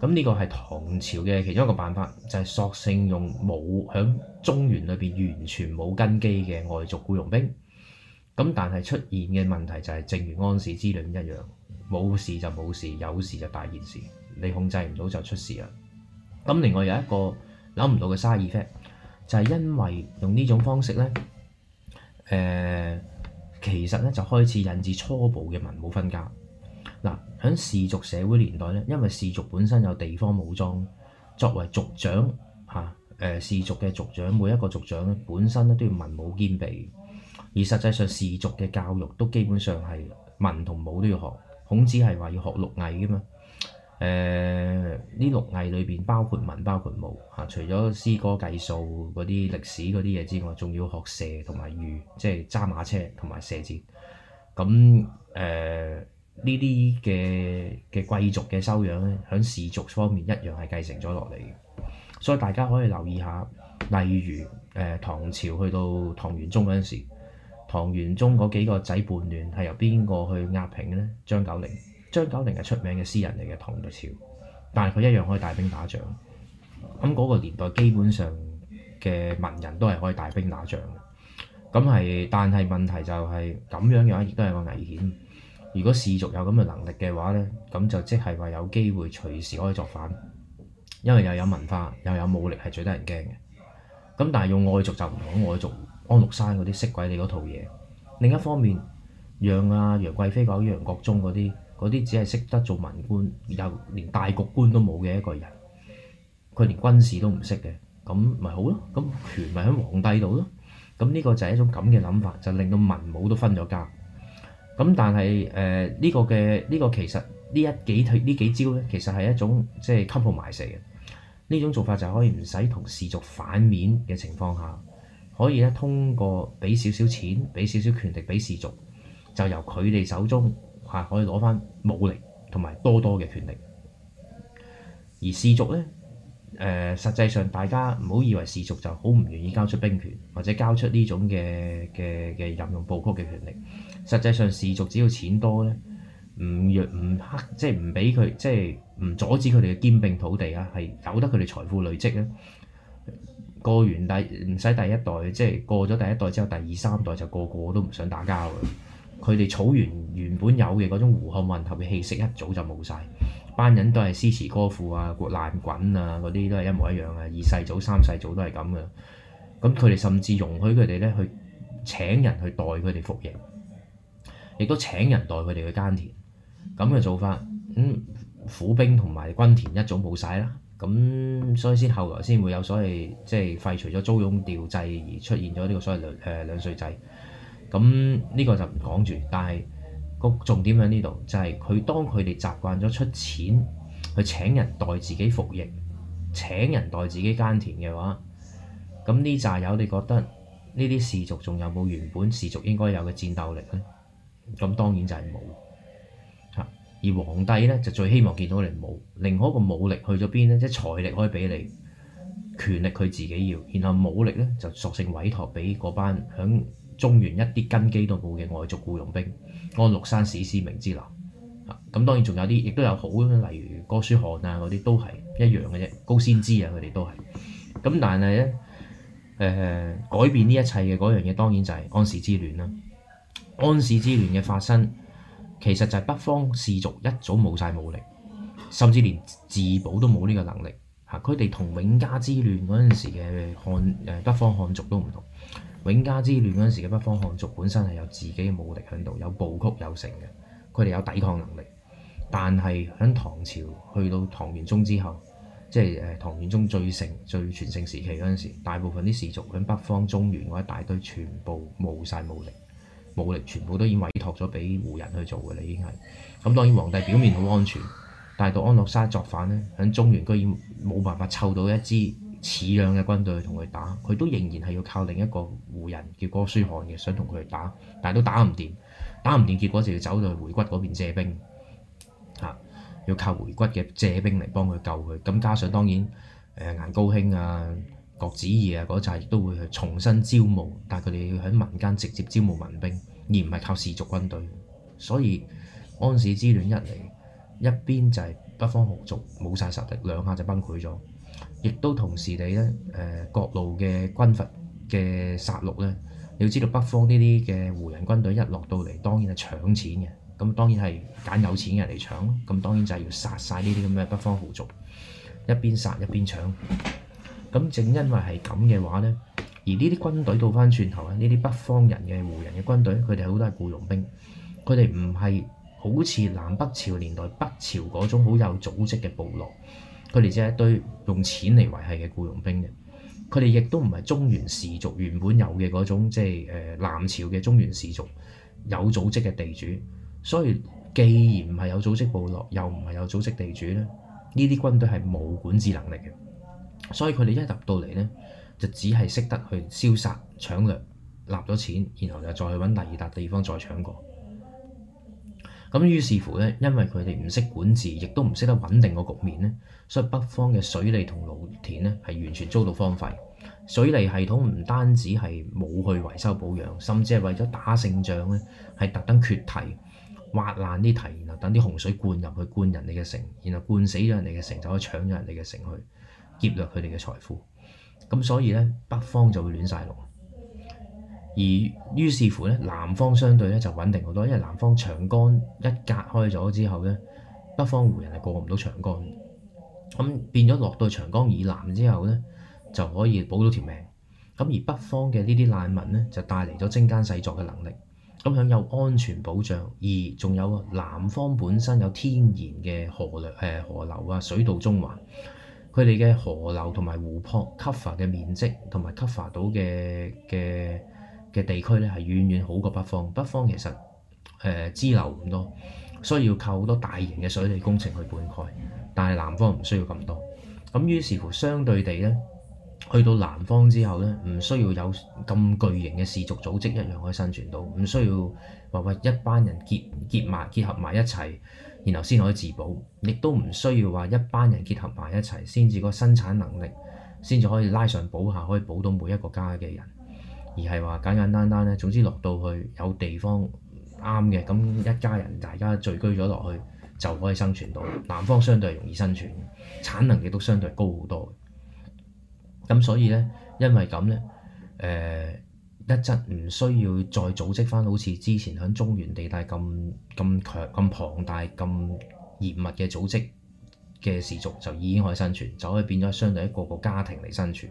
咁呢個係唐朝嘅其中一個辦法，就係、是、索性用冇響中原裏面完全冇根基嘅外族僱傭兵。咁但係出現嘅問題就係、是，正如安史之亂一樣，冇事就冇事，有事就大件事，你控制唔到就出事啦。咁另外有一個諗唔到嘅 side effect，就係因為用呢種方式咧，誒、呃、其實咧就開始引致初步嘅文武分家。嗱，喺氏族社會年代咧，因為氏族本身有地方武裝，作為族長嚇，誒、啊、氏族嘅族長，每一個族長咧本身咧都要文武兼備，而實際上氏族嘅教育都基本上係文同武都要學。孔子係話要學六藝噶嘛。誒呢、呃、六藝裏面包括文，包括武，啊、除咗詩歌計數嗰啲歷史嗰啲嘢之外，仲要學射同埋御，即係揸馬車同埋射箭。咁誒呢啲嘅嘅貴族嘅修養咧，響士族方面一樣係繼承咗落嚟。所以大家可以留意下，例如、呃、唐朝去到唐玄宗嗰陣時，唐玄宗嗰幾個仔叛亂係由邊個去壓平嘅呢？張九齡。張九齡係出名嘅詩人嚟嘅唐代朝，但係佢一樣可以帶兵打仗。咁嗰個年代基本上嘅文人都係可以帶兵打仗嘅。咁係，但係問題就係、是、咁樣嘅話，亦都係個危險。如果士族有咁嘅能力嘅話呢，咁就即係話有機會隨時可以作反，因為又有，有文化又有，有武力係最得人驚嘅。咁但係用外族就唔同，外族安祿山嗰啲識鬼你嗰套嘢。另一方面，楊啊楊貴妃講楊國忠嗰啲。嗰啲只係識得做文官，又連大局觀都冇嘅一個人，佢連軍事都唔識嘅，咁咪好咯？咁權咪喺皇帝度咯？咁呢個就係一種咁嘅諗法，就令到文武都分咗家。咁但係誒呢個嘅呢個其實呢一幾呢幾招呢，其實係一種即係 compromise 埋成嘅。呢種做法就係可以唔使同氏族反面嘅情況下，可以咧通過俾少少錢、俾少少權力俾氏族，就由佢哋手中。嚇可以攞翻武力同埋多多嘅權力，而士族呢，誒、呃、實際上大家唔好以為士族就好唔願意交出兵權或者交出呢種嘅嘅嘅任用部曲嘅權力。實際上士族只要錢多呢，唔弱唔即係唔俾佢即係唔阻止佢哋嘅兼併土地啊，係由得佢哋財富累積啊。過完第唔使第一代，即係過咗第一代之後，第二三代就個個都唔想打交㗎。佢哋草原原本有嘅嗰種胡漢混合嘅氣息一早就冇晒。班人都係詩詞歌賦啊、爛滾啊嗰啲都係一模一樣啊，二世祖、三世祖都係咁嘅。咁佢哋甚至容許佢哋咧去請人去代佢哋服役，亦都請人代佢哋去耕田。咁嘅做法，咁、嗯、府兵同埋軍田一早冇晒啦。咁所以先後來先會有所謂，即係廢除咗租庸調制而出現咗呢個所謂、呃、兩誒兩稅制。咁呢個就唔講住，但係個重點喺呢度，就係、是、佢當佢哋習慣咗出錢去請人代自己服役、請人代自己耕田嘅話，咁呢紮友，你覺得呢啲士族仲有冇原本士族應該有嘅戰鬥力呢？咁當然就係冇。而皇帝呢，就最希望見到你冇，另一個武力去咗邊呢？即係財力可以俾你，權力佢自己要，然後武力呢，就索性委託俾嗰班中原一啲根基都冇嘅外族僱傭兵，安祿山史思明之流，咁、啊、當然仲有啲，亦都有好，例如哥舒翰啊嗰啲都係一樣嘅啫。高仙芝啊，佢哋都係。咁、啊、但係呢，誒、呃、改變呢一切嘅嗰樣嘢，當然就係安史之亂啦。安史之亂嘅發生，其實就係北方士族一早冇晒武力，甚至連自保都冇呢個能力。嚇、啊，佢哋同永嘉之亂嗰陣時嘅漢誒北方漢族都唔同。永嘉之亂嗰陣時嘅北方漢族本身係有自己嘅武力喺度，有部曲，有城嘅，佢哋有抵抗能力。但係喺唐朝去到唐玄宗之後，即係誒唐玄宗最盛、最全盛時期嗰陣時，大部分啲士族喺北方中原嗰一大堆全部冇晒武力，武力全部都已經委託咗俾胡人去做嘅啦，已經係。咁當然皇帝表面好安全，但係到安祿山作反咧，喺中原居然冇辦法湊到一支。似樣嘅軍隊去同佢打，佢都仍然係要靠另一個胡人叫哥舒翰嘅，想同佢打，但係都打唔掂，打唔掂結果就要走到去回鶻嗰邊借兵，嚇，要靠回鶻嘅借兵嚟幫佢救佢。咁加上當然誒顏杲卿啊、郭子儀啊嗰陣亦都會去重新招募，但係佢哋要喺民間直接招募民兵，而唔係靠士族軍隊。所以安史之亂一嚟，一邊就係北方豪族冇晒實力，兩下就崩潰咗。亦都同時地咧，誒各路嘅軍閥嘅殺戮咧，你要知道北方呢啲嘅胡人軍隊一落到嚟，當然係搶錢嘅，咁當然係揀有錢人嚟搶咯，咁當然就係要殺晒呢啲咁嘅北方豪族，一邊殺一邊搶。咁正因為係咁嘅話咧，而呢啲軍隊倒返轉頭咧，呢啲北方人嘅胡人嘅軍隊，佢哋好多係僱傭兵，佢哋唔係好似南北朝年代北朝嗰種好有組織嘅部落。佢哋只係一堆用錢嚟維繫嘅僱傭兵嘅，佢哋亦都唔係中原氏族原本有嘅嗰種即係誒南朝嘅中原氏族有組織嘅地主，所以既然唔係有組織部落，又唔係有組織地主咧，呢啲軍隊係冇管治能力嘅，所以佢哋一入到嚟咧就只係識得去消殺、搶掠、攬咗錢，然後就再去揾第二笪地方再搶過。咁於是乎咧，因為佢哋唔識管治，亦都唔識得穩定個局面咧，所以北方嘅水利同農田咧係完全遭到荒廢。水利系統唔單止係冇去維修保養，甚至係為咗打勝仗咧，係特登缺堤挖爛啲堤，然後等啲洪水灌入去灌人哋嘅城，然後灌死咗人哋嘅城，就可以搶咗人哋嘅城去劫掠佢哋嘅財富。咁所以咧，北方就會亂晒龍。而於是乎咧，南方相對咧就穩定好多，因為南方長江一隔開咗之後咧，北方胡人係過唔到長江，咁變咗落到長江以南之後咧就可以保到條命。咁而北方嘅呢啲難民咧就帶嚟咗精耕細作嘅能力，咁享有安全保障，而仲有南方本身有天然嘅河略河流啊、呃、水道縱橫，佢哋嘅河流同埋湖泊 cover 嘅面積同埋 cover 到嘅嘅嘅地區咧係遠遠好過北方。北方其實誒、呃、支流唔多，需要靠好多大型嘅水利工程去灌溉。但係南方唔需要咁多。咁於是乎，相對地咧，去到南方之後咧，唔需要有咁巨型嘅氏族組織一樣可以生存到。唔需要話話一班人結結埋結合埋一齊，然後先可以自保。亦都唔需要話一班人結合埋一齊先至個生產能力，先至可以拉上補下，可以補到每一個家嘅人。而係話簡簡單單咧，總之落到去有地方啱嘅，咁一家人大家聚居咗落去就可以生存到。南方相對容易生存，產能亦都相對高好多。咁所以呢，因為咁呢，誒、呃、一則唔需要再組織翻好似之前喺中原地帶咁咁強、咁龐大、咁嚴密嘅組織嘅士族，就已經可以生存，就可以變咗相對一個個家庭嚟生存。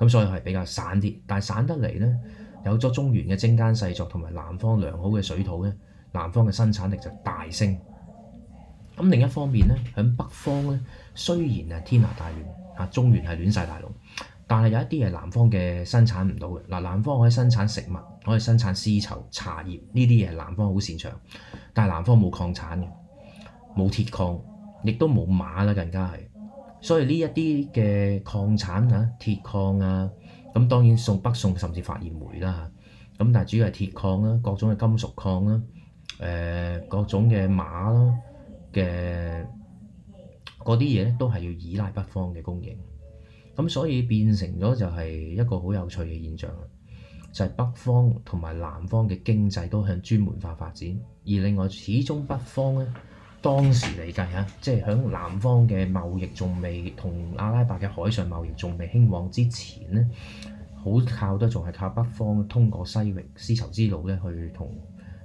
咁所以係比較散啲，但係散得嚟呢，有咗中原嘅精耕細作同埋南方良好嘅水土呢，南方嘅生產力就大升。咁另一方面呢，響北方呢，雖然係天下大亂，啊中原係亂晒大陸，但係有一啲嘢南方嘅生產唔到嘅。嗱，南方可以生產食物，可以生產絲綢、茶葉呢啲嘢，南方好擅長。但係南方冇礦產嘅，冇鐵礦，亦都冇馬啦，更加係。所以呢一啲嘅礦產啊，鐵礦啊，咁當然送北宋，甚至發現煤啦、啊、咁但係主要係鐵礦啦、啊，各種嘅金屬礦啦、啊，誒、呃、各種嘅馬啦嘅嗰啲嘢咧，那些東西都係要依賴北方嘅供應，咁所以變成咗就係一個好有趣嘅現象啦，就係、是、北方同埋南方嘅經濟都向專門化發展，而另外始終北方咧。當時嚟計嚇，即係喺南方嘅貿易仲未同阿拉伯嘅海上貿易仲未興旺之前呢，好靠得仲係靠北方通過西域絲綢之路咧去同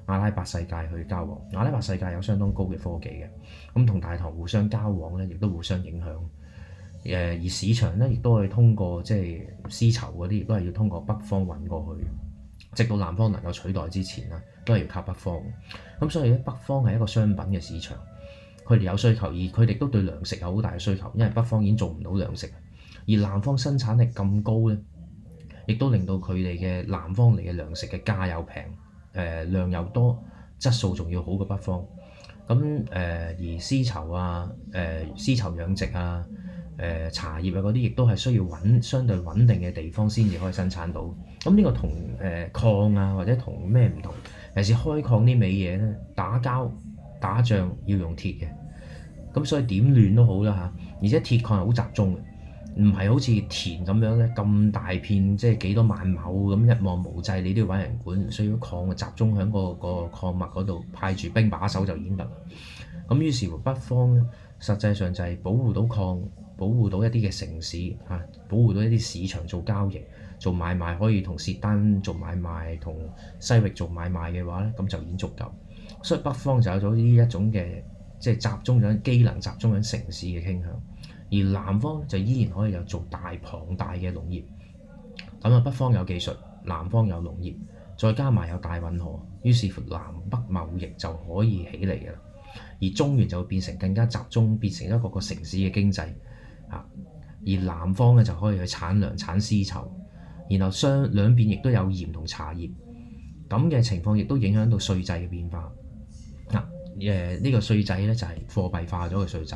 阿拉伯世界去交往。阿拉伯世界有相當高嘅科技嘅，咁同大唐互相交往咧，亦都互相影響。誒，而市場咧，亦都係通過即係絲綢嗰啲，亦都係要通過北方運過去。直到南方能夠取代之前啦，都係要靠北方。咁所以咧，北方係一個商品嘅市場，佢哋有需求，而佢哋都對糧食有好大嘅需求，因為北方已經做唔到糧食，而南方生產力咁高咧，亦都令到佢哋嘅南方嚟嘅糧食嘅價又平，誒、呃、量又多，質素仲要好過北方。咁誒、呃、而絲綢啊、誒、呃、絲綢養殖啊、誒、呃、茶葉啊嗰啲，亦都係需要穩相對穩定嘅地方先至可以生產到。咁呢個同誒、呃、礦啊，或者同咩唔同？尤其是開礦啲味嘢咧，打交打仗要用鐵嘅。咁所以點亂都好啦嚇，而且鐵礦係好集中嘅，唔係好似田咁樣咧咁大片，即係幾多萬畝咁一望無際，你都要揾人管。所以礦集中喺個個礦物嗰度，派住兵把守就已經得啦。咁於是乎北方咧，實際上就係保護到礦，保護到一啲嘅城市嚇，保護到一啲市場做交易。做買賣可以同涉單做買賣，同西域做買賣嘅話咧，咁就已經足夠。所以北方就有咗呢一種嘅，即係集中咗，機能，集中緊城市嘅傾向。而南方就依然可以有做大龐大嘅農業。咁、嗯、啊，北方有技術，南方有農業，再加埋有大運河，於是乎南北貿易就可以起嚟嘅啦。而中原就會變成更加集中，變成一個個城市嘅經濟、啊、而南方咧就可以去產糧、產絲綢。然後雙兩邊亦都有鹽同茶葉，咁嘅情況亦都影響到稅制嘅變化。嗱，誒呢個稅制咧就係貨幣化咗嘅稅制。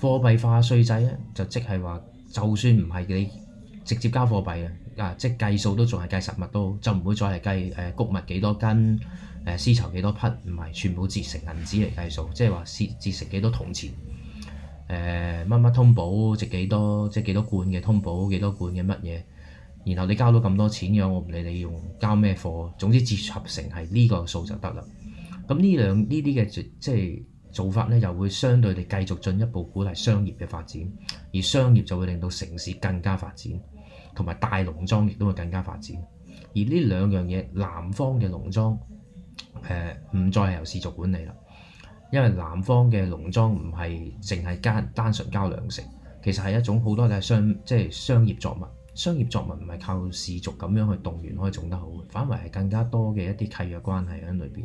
貨幣化稅制咧就即係話，就算唔係你直接交貨幣嘅，啊即係計數都仲係計實物都好，就唔會再係計誒谷物幾多斤、誒絲綢幾多匹，唔係全部折成銀紙嚟計數，即係話折成幾多銅錢，誒乜乜通寶值幾多，即係幾多罐嘅通寶幾多罐嘅乜嘢。然後你交到咁多錢嘅，我唔理你用交咩貨，總之折合成係呢個數就得啦。咁呢兩呢啲嘅即係做法咧，又會相對地繼續進一步鼓勵商業嘅發展，而商業就會令到城市更加發展，同埋大農莊亦都會更加發展。而呢兩樣嘢，南方嘅農莊誒唔再係由士族管理啦，因為南方嘅農莊唔係淨係交單純交糧食，其實係一種好多嘅商即係商業作物。商業作物唔係靠氏族咁樣去動員可以種得好，反為係更加多嘅一啲契約關係喺裏邊，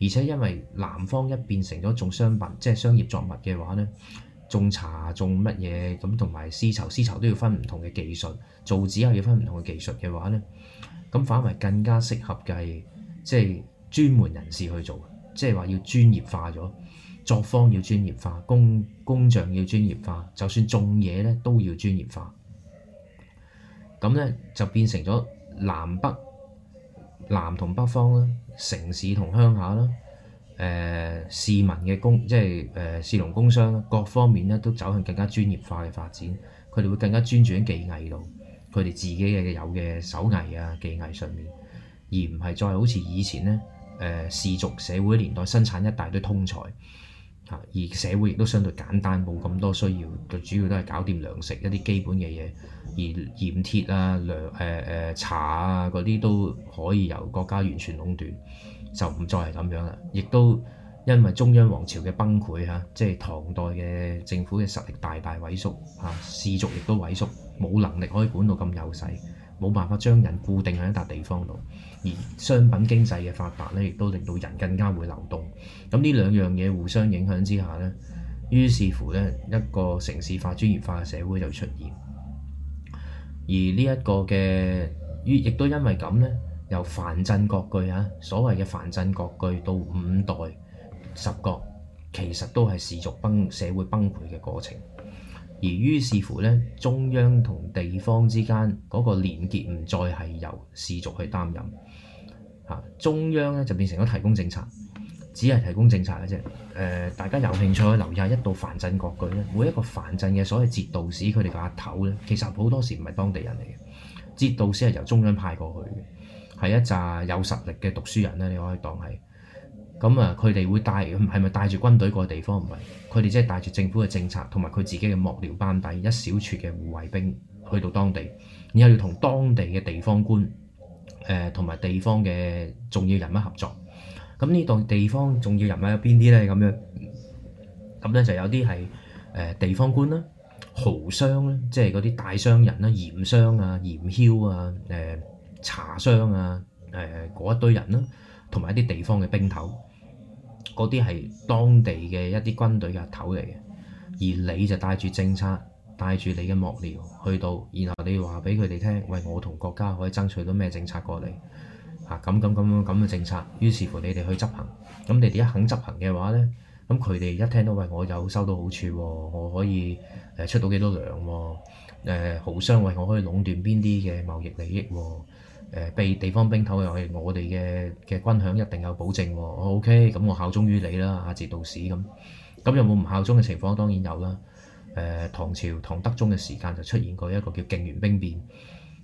而且因為南方一變成咗種商品，即係商業作物嘅話咧，種茶種乜嘢咁，同埋絲綢，絲綢都要分唔同嘅技術，造紙又要分唔同嘅技術嘅話咧，咁反為更加適合嘅係即係專門人士去做，即係話要專業化咗，作坊要專業化，工工匠要專業化，就算種嘢咧都要專業化。咁咧就變成咗南北南同北方啦，城市同鄉下啦、呃，市民嘅工即係、呃、士農工商各方面咧都走向更加專業化嘅發展，佢哋會更加專注喺技藝度，佢哋自己嘅有嘅手藝啊技藝上面，而唔係再好似以前咧誒氏族社會年代生產一大堆通才。而社會亦都相對簡單，冇咁多需要，最主要都係搞掂糧食一啲基本嘅嘢。而鹽鐵啊、糧、誒、呃、誒、呃、茶啊嗰啲都可以由國家完全壟斷，就唔再係咁樣啦。亦都因為中央王朝嘅崩潰嚇、啊，即係唐代嘅政府嘅實力大大萎縮嚇，士、啊、族亦都萎縮，冇能力可以管到咁幼細，冇辦法將人固定喺一笪地方度。而商品經濟嘅發達呢，亦都令到人更加會流動。咁呢兩樣嘢互相影響之下呢，於是乎呢，一個城市化、專業化嘅社會就出現。而呢一個嘅，亦都因為咁呢，由藩鎮割據啊，所謂嘅藩鎮割據到五代十國，其實都係氏族崩社會崩潰嘅過程。而於是乎咧，中央同地方之間嗰個連結唔再係由士族去擔任嚇，啊，中央咧就變成咗提供政策，只係提供政策嘅啫。誒、呃，大家有興趣可以留意一下一到藩鎮割據咧，每一個藩鎮嘅所謂節度使佢哋嘅阿頭咧，其實好多時唔係當地人嚟嘅，節度使係由中央派過去嘅，係一紮有實力嘅讀書人咧，你可以當係咁啊。佢、嗯、哋會帶係咪帶住軍隊過嗰地方？唔係。佢哋即係帶住政府嘅政策，同埋佢自己嘅幕僚班底，一小撮嘅護衛兵去到當地，然後要同當地嘅地方官，誒同埋地方嘅重要人物合作。咁呢度地方重要人物有邊啲咧？咁樣咁咧就有啲係誒地方官啦、豪商咧，即係嗰啲大商人啦、鹽商啊、鹽梟啊、誒、呃、茶商啊、誒、呃、嗰一堆人啦、啊，同埋一啲地方嘅兵頭。嗰啲係當地嘅一啲軍隊嘅頭嚟嘅，而你就帶住政策，帶住你嘅幕僚去到，然後你話俾佢哋聽，喂，我同國家可以爭取到咩政策過嚟，嚇咁咁咁咁嘅政策，於是乎你哋去執行，咁你哋一肯執行嘅話咧，咁佢哋一聽到喂，我有收到好處喎，我可以誒出到幾多糧喎，誒、呃、豪商為我可以壟斷邊啲嘅貿易利益喎。誒被地方兵討，又係我哋嘅嘅軍餉一定有保證喎、哦，OK，咁我效忠於你啦，阿節度使，咁，咁有冇唔效忠嘅情況？當然有啦。誒、呃、唐朝唐德宗嘅時間就出現過一個叫涇原兵變，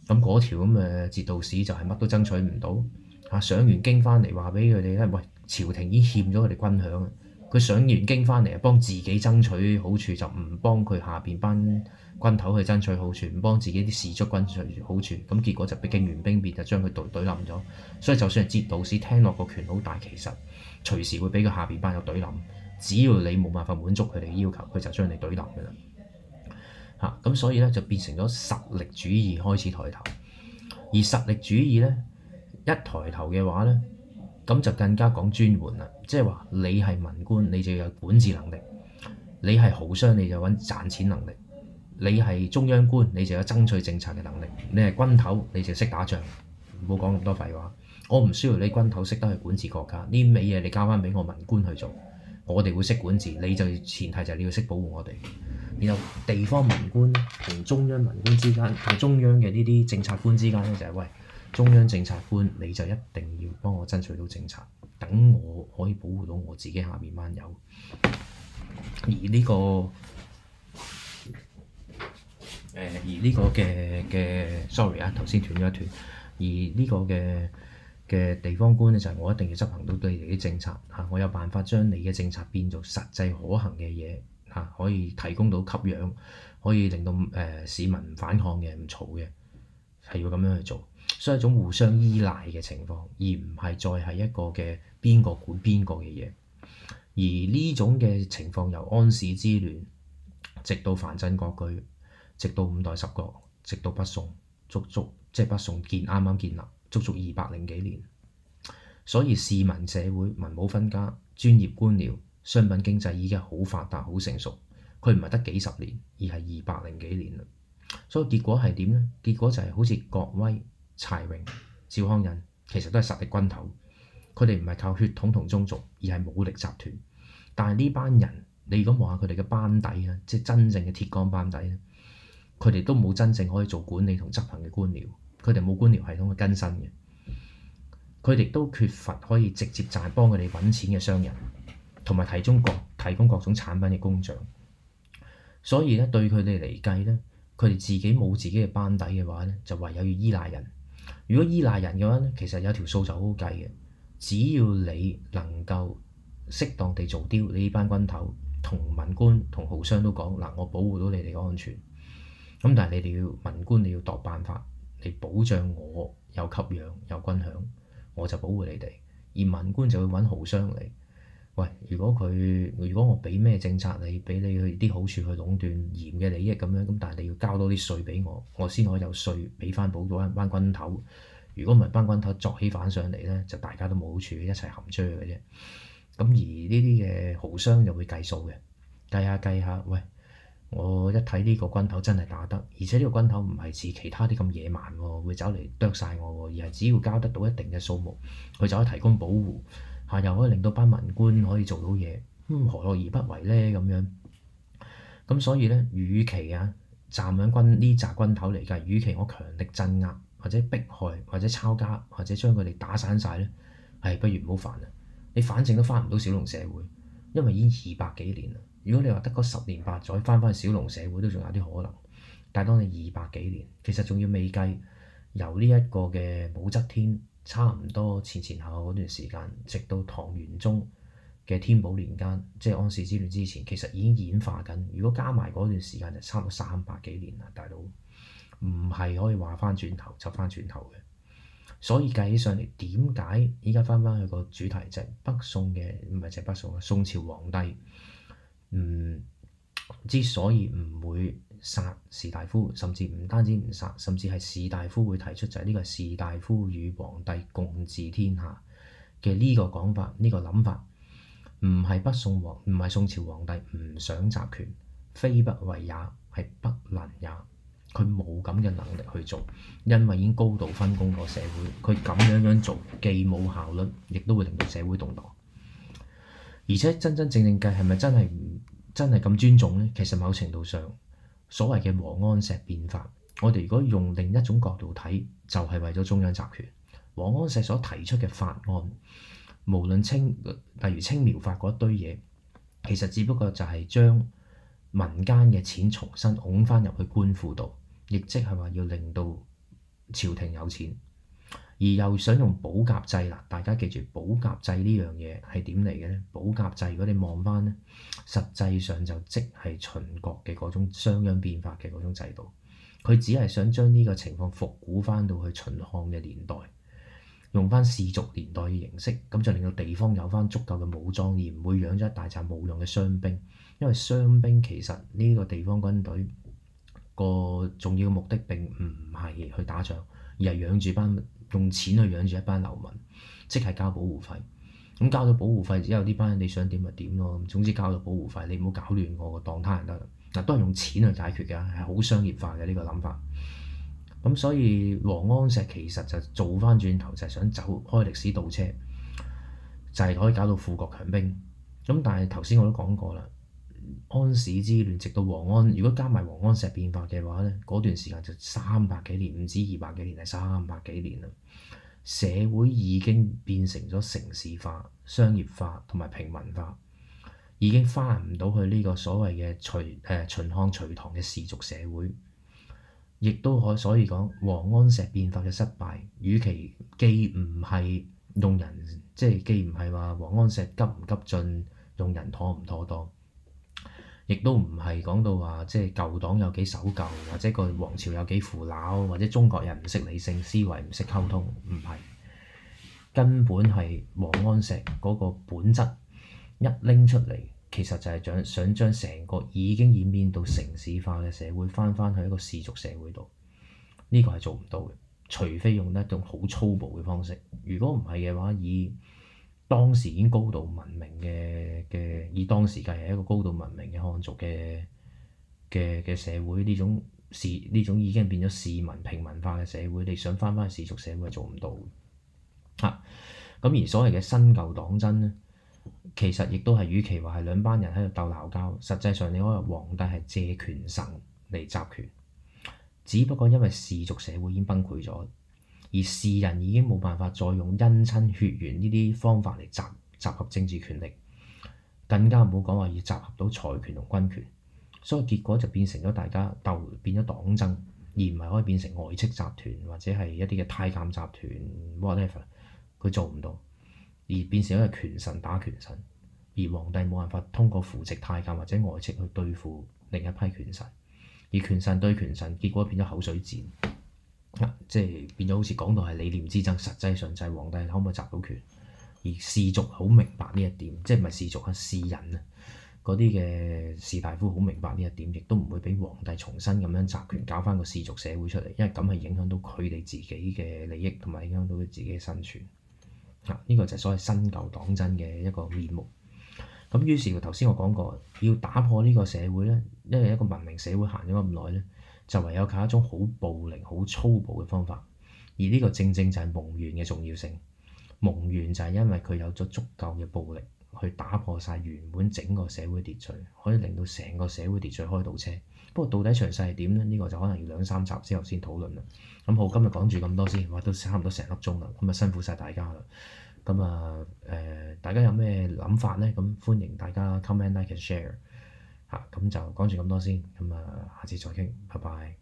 咁嗰條咁誒節度使就係乜都爭取唔到，嚇、啊、上完京返嚟話俾佢哋咧，喂，朝廷已經欠咗佢哋軍餉佢上完經翻嚟啊，幫自己爭取好處就唔幫佢下邊班軍頭去爭取好處，唔幫自己啲士卒軍取好處，咁結果就畢竟元兵變就將佢隊隊冧咗。所以就算係節度使聽落個權好大，其實隨時會俾佢下邊班有隊冧。只要你冇辦法滿足佢哋嘅要求，佢就將你隊冧㗎啦。嚇、啊！咁所以咧就變成咗實力主義開始抬頭，而實力主義咧一抬頭嘅話咧。咁就更加講專門啦，即係話你係文官，你就要有管治能力；你係豪商，你就揾賺錢能力；你係中央官，你就有爭取政策嘅能力；你係軍頭，你就識打仗。唔好講咁多廢話，我唔需要你軍頭識得去管治國家，呢味嘢你交翻俾我文官去做，我哋會識管治，你就前提就係你要識保護我哋。然後地方文官同中央文官之間，同中央嘅呢啲政策官之間呢就係，喂。中央政策官，你就一定要幫我爭取到政策，等我可以保護到我自己下面班友。而呢個，誒，而呢個嘅嘅，sorry 啊，頭先斷咗一斷。而呢個嘅嘅地方官咧，就係我一定要執行到對你哋啲政策吓，我有辦法將你嘅政策變做實際可行嘅嘢吓，可以提供到吸氧，可以令到誒市民唔反抗嘅，唔嘈嘅，係要咁樣去做。所以一種互相依賴嘅情況，而唔係再係一個嘅邊個管邊個嘅嘢。而呢種嘅情況由安史之亂直到藩鎮割據，直到五代十國，直到北宋，足足即係北宋建，啱啱建立，足足二百零幾年。所以市民社會文武分家、專業官僚、商品經濟已經好發達好成熟。佢唔係得幾十年，而係二百零幾年。所以結果係點呢？結果就係好似郭威。柴榮、趙匡胤其實都係實力軍頭，佢哋唔係靠血統同宗族，而係武力集團。但係呢班人，你如果望下佢哋嘅班底啊，即係真正嘅鐵桿班底，佢哋都冇真正可以做管理同執行嘅官僚，佢哋冇官僚系統嘅根深嘅，佢哋都缺乏可以直接賺幫佢哋揾錢嘅商人，同埋提供各提，提供各種產品嘅工匠。所以咧，對佢哋嚟計咧，佢哋自己冇自己嘅班底嘅話咧，就唯有要依賴人。如果依賴人嘅話，其實有一條數就好計嘅。只要你能夠適當地做刁，你呢班軍頭同文官同豪商都講嗱，我保護到你哋嘅安全。咁但係你哋要文官，你要度辦法嚟保障我有給養有軍餉，我就保護你哋。而文官就會揾豪商嚟。喂，如果佢，如果我俾咩政策給你，俾你去啲好處去壟斷鹽嘅利益咁樣，咁但係你要交多啲稅俾我，我先可以有稅俾翻保到班軍頭。如果唔係班軍頭作起反上嚟呢，就大家都冇好處，一齊含出去嘅啫。咁而呢啲嘅豪商就會計數嘅，計下計下，喂，我一睇呢個軍頭真係打得，而且呢個軍頭唔係似其他啲咁野蠻喎，會走嚟剁晒我喎，而係只要交得到一定嘅數目，佢就可以提供保護。又可以令到班民官可以做到嘢，何樂而不為呢？咁樣咁，所以呢，與其啊，站喺軍呢集軍頭嚟㗎，與其我強力鎮壓或者迫害或者抄家或者將佢哋打散晒呢，誒、哎，不如唔好煩啦。你反正都翻唔到小農社會，因為已經二百幾年啊。如果你話得嗰十年八載翻翻去小農社會都仲有啲可能，但係當你二百幾年，其實仲要未計由呢一個嘅武則天。差唔多前前後後嗰段時間，直到唐玄宗嘅天寶年間，即係安史之亂之前，其實已經演化緊。如果加埋嗰段時間，就差唔多三百幾年啦，大佬。唔係可以話翻轉頭，就翻轉頭嘅。所以計起上嚟，點解依家翻返去個主題就係北宋嘅，唔係就係北宋嘅宋朝皇帝，嗯，之所以唔會。殺士大夫，甚至唔單止唔殺，甚至係士大夫會提出就係呢個士大夫與皇帝共治天下嘅呢個講法，呢個諗法唔係北宋皇唔係宋朝皇帝唔想集權，非不為也係不能也。佢冇咁嘅能力去做，因為已經高度分工過社會，佢咁樣樣做既冇效率，亦都會令到社會動盪。而且真真正正嘅係咪真係真係咁尊重呢？其實某程度上。所謂嘅王安石變法，我哋如果用另一種角度睇，就係為咗中央集權。王安石所提出嘅法案，無論清，例如青苗法嗰一堆嘢，其實只不過就係將民間嘅錢重新拱翻入去官府度，亦即係話要令到朝廷有錢。而又想用保甲制啦，大家記住保甲制呢樣嘢係點嚟嘅呢？保甲制，如果你望翻呢，實際上就即係秦國嘅嗰種商鞅變法嘅嗰種制度，佢只係想將呢個情況復古翻到去秦漢嘅年代，用翻氏族年代嘅形式，咁就令到地方有翻足夠嘅武裝，而唔會養咗一大紮冇用嘅傷兵，因為傷兵其實呢個地方軍隊個重要嘅目的並唔係去打仗，而係養住班。用錢去養住一班流民，即係交保護費。咁交咗保護費之後，呢班人你想點咪點咯？咁總之交咗保護費，你唔好搞亂我，當他人得啦。嗱，都係用錢去解決嘅，係好商業化嘅呢個諗法。咁所以王安石其實就做翻轉頭，就係想走開歷史倒車，就係可以搞到富國強兵。咁但係頭先我都講過啦。安史之亂直到王安，如果加埋王安石變法嘅話呢，嗰段時間就三百幾年，唔止二百幾年，係三百幾年啦。社會已經變成咗城市化、商業化同埋平民化，已經翻唔到去呢個所謂嘅秦誒秦漢隋唐嘅氏族社會，亦都可以，所以講王安石變法嘅失敗，與其既唔係用人，即係既唔係話王安石急唔急進，用人妥唔妥當。亦都唔係講到話，即係舊黨有幾守舊，或者個皇朝有幾腐朽，或者中國人唔識理性思維，唔識溝通，唔係。根本係王安石嗰個本質一拎出嚟，其實就係想想將成個已經演變到城市化嘅社會，翻翻去一個氏族社會度。呢個係做唔到嘅，除非用一種好粗暴嘅方式。如果唔係嘅話，以當時已經高度文明嘅嘅，以當時計係一個高度文明嘅漢族嘅嘅嘅社會，呢種士呢種已經變咗市民平民化嘅社會，你想翻翻去氏族社會做唔到嘅。咁、啊、而所謂嘅新舊黨爭呢，其實亦都係與其話係兩班人喺度鬥鬧交，實際上你可以皇帝係借權臣嚟集權，只不過因為氏族社會已經崩潰咗。而士人已經冇辦法再用姻親血緣呢啲方法嚟集集合政治權力，更加唔好講話要集合到財權同軍權，所以結果就變成咗大家鬥，變咗黨爭，而唔係可以變成外戚集團或者係一啲嘅太監集團 whatever，佢做唔到，而變成一個權臣打權臣。而皇帝冇辦法通過扶植太監或者外戚去對付另一批權臣。而權臣對權臣結果變咗口水戰。即係變咗好似講到係理念之爭，實際上就係皇帝可唔可以集到權？而士族好明白呢一點，即唔係士族啊、係士人啊嗰啲嘅士大夫好明白呢一點，亦都唔會俾皇帝重新咁樣集權搞翻個士族社會出嚟，因為咁係影響到佢哋自己嘅利益，同埋影響到佢自己嘅生存。啊！呢個就係所謂新舊黨爭嘅一個面目。咁於是頭先我講過，要打破呢個社會呢，因為一個文明社會行咗咁耐咧。就唯有靠一種好暴力、好粗暴嘅方法，而呢個正正就係蒙元嘅重要性。蒙元就係因為佢有咗足夠嘅暴力，去打破晒原本整個社會秩序，可以令到成個社會秩序開到車。不過到底詳細係點呢？呢個就可能要兩三集之後先討論啦。咁好，今日講住咁多先，我都差唔多成粒鐘啦。咁啊辛苦晒大家啦。咁啊誒，大家有咩諗法呢？咁歡迎大家 comment、like and share。咁，啊，就講住咁多先，咁啊下次再傾，拜拜。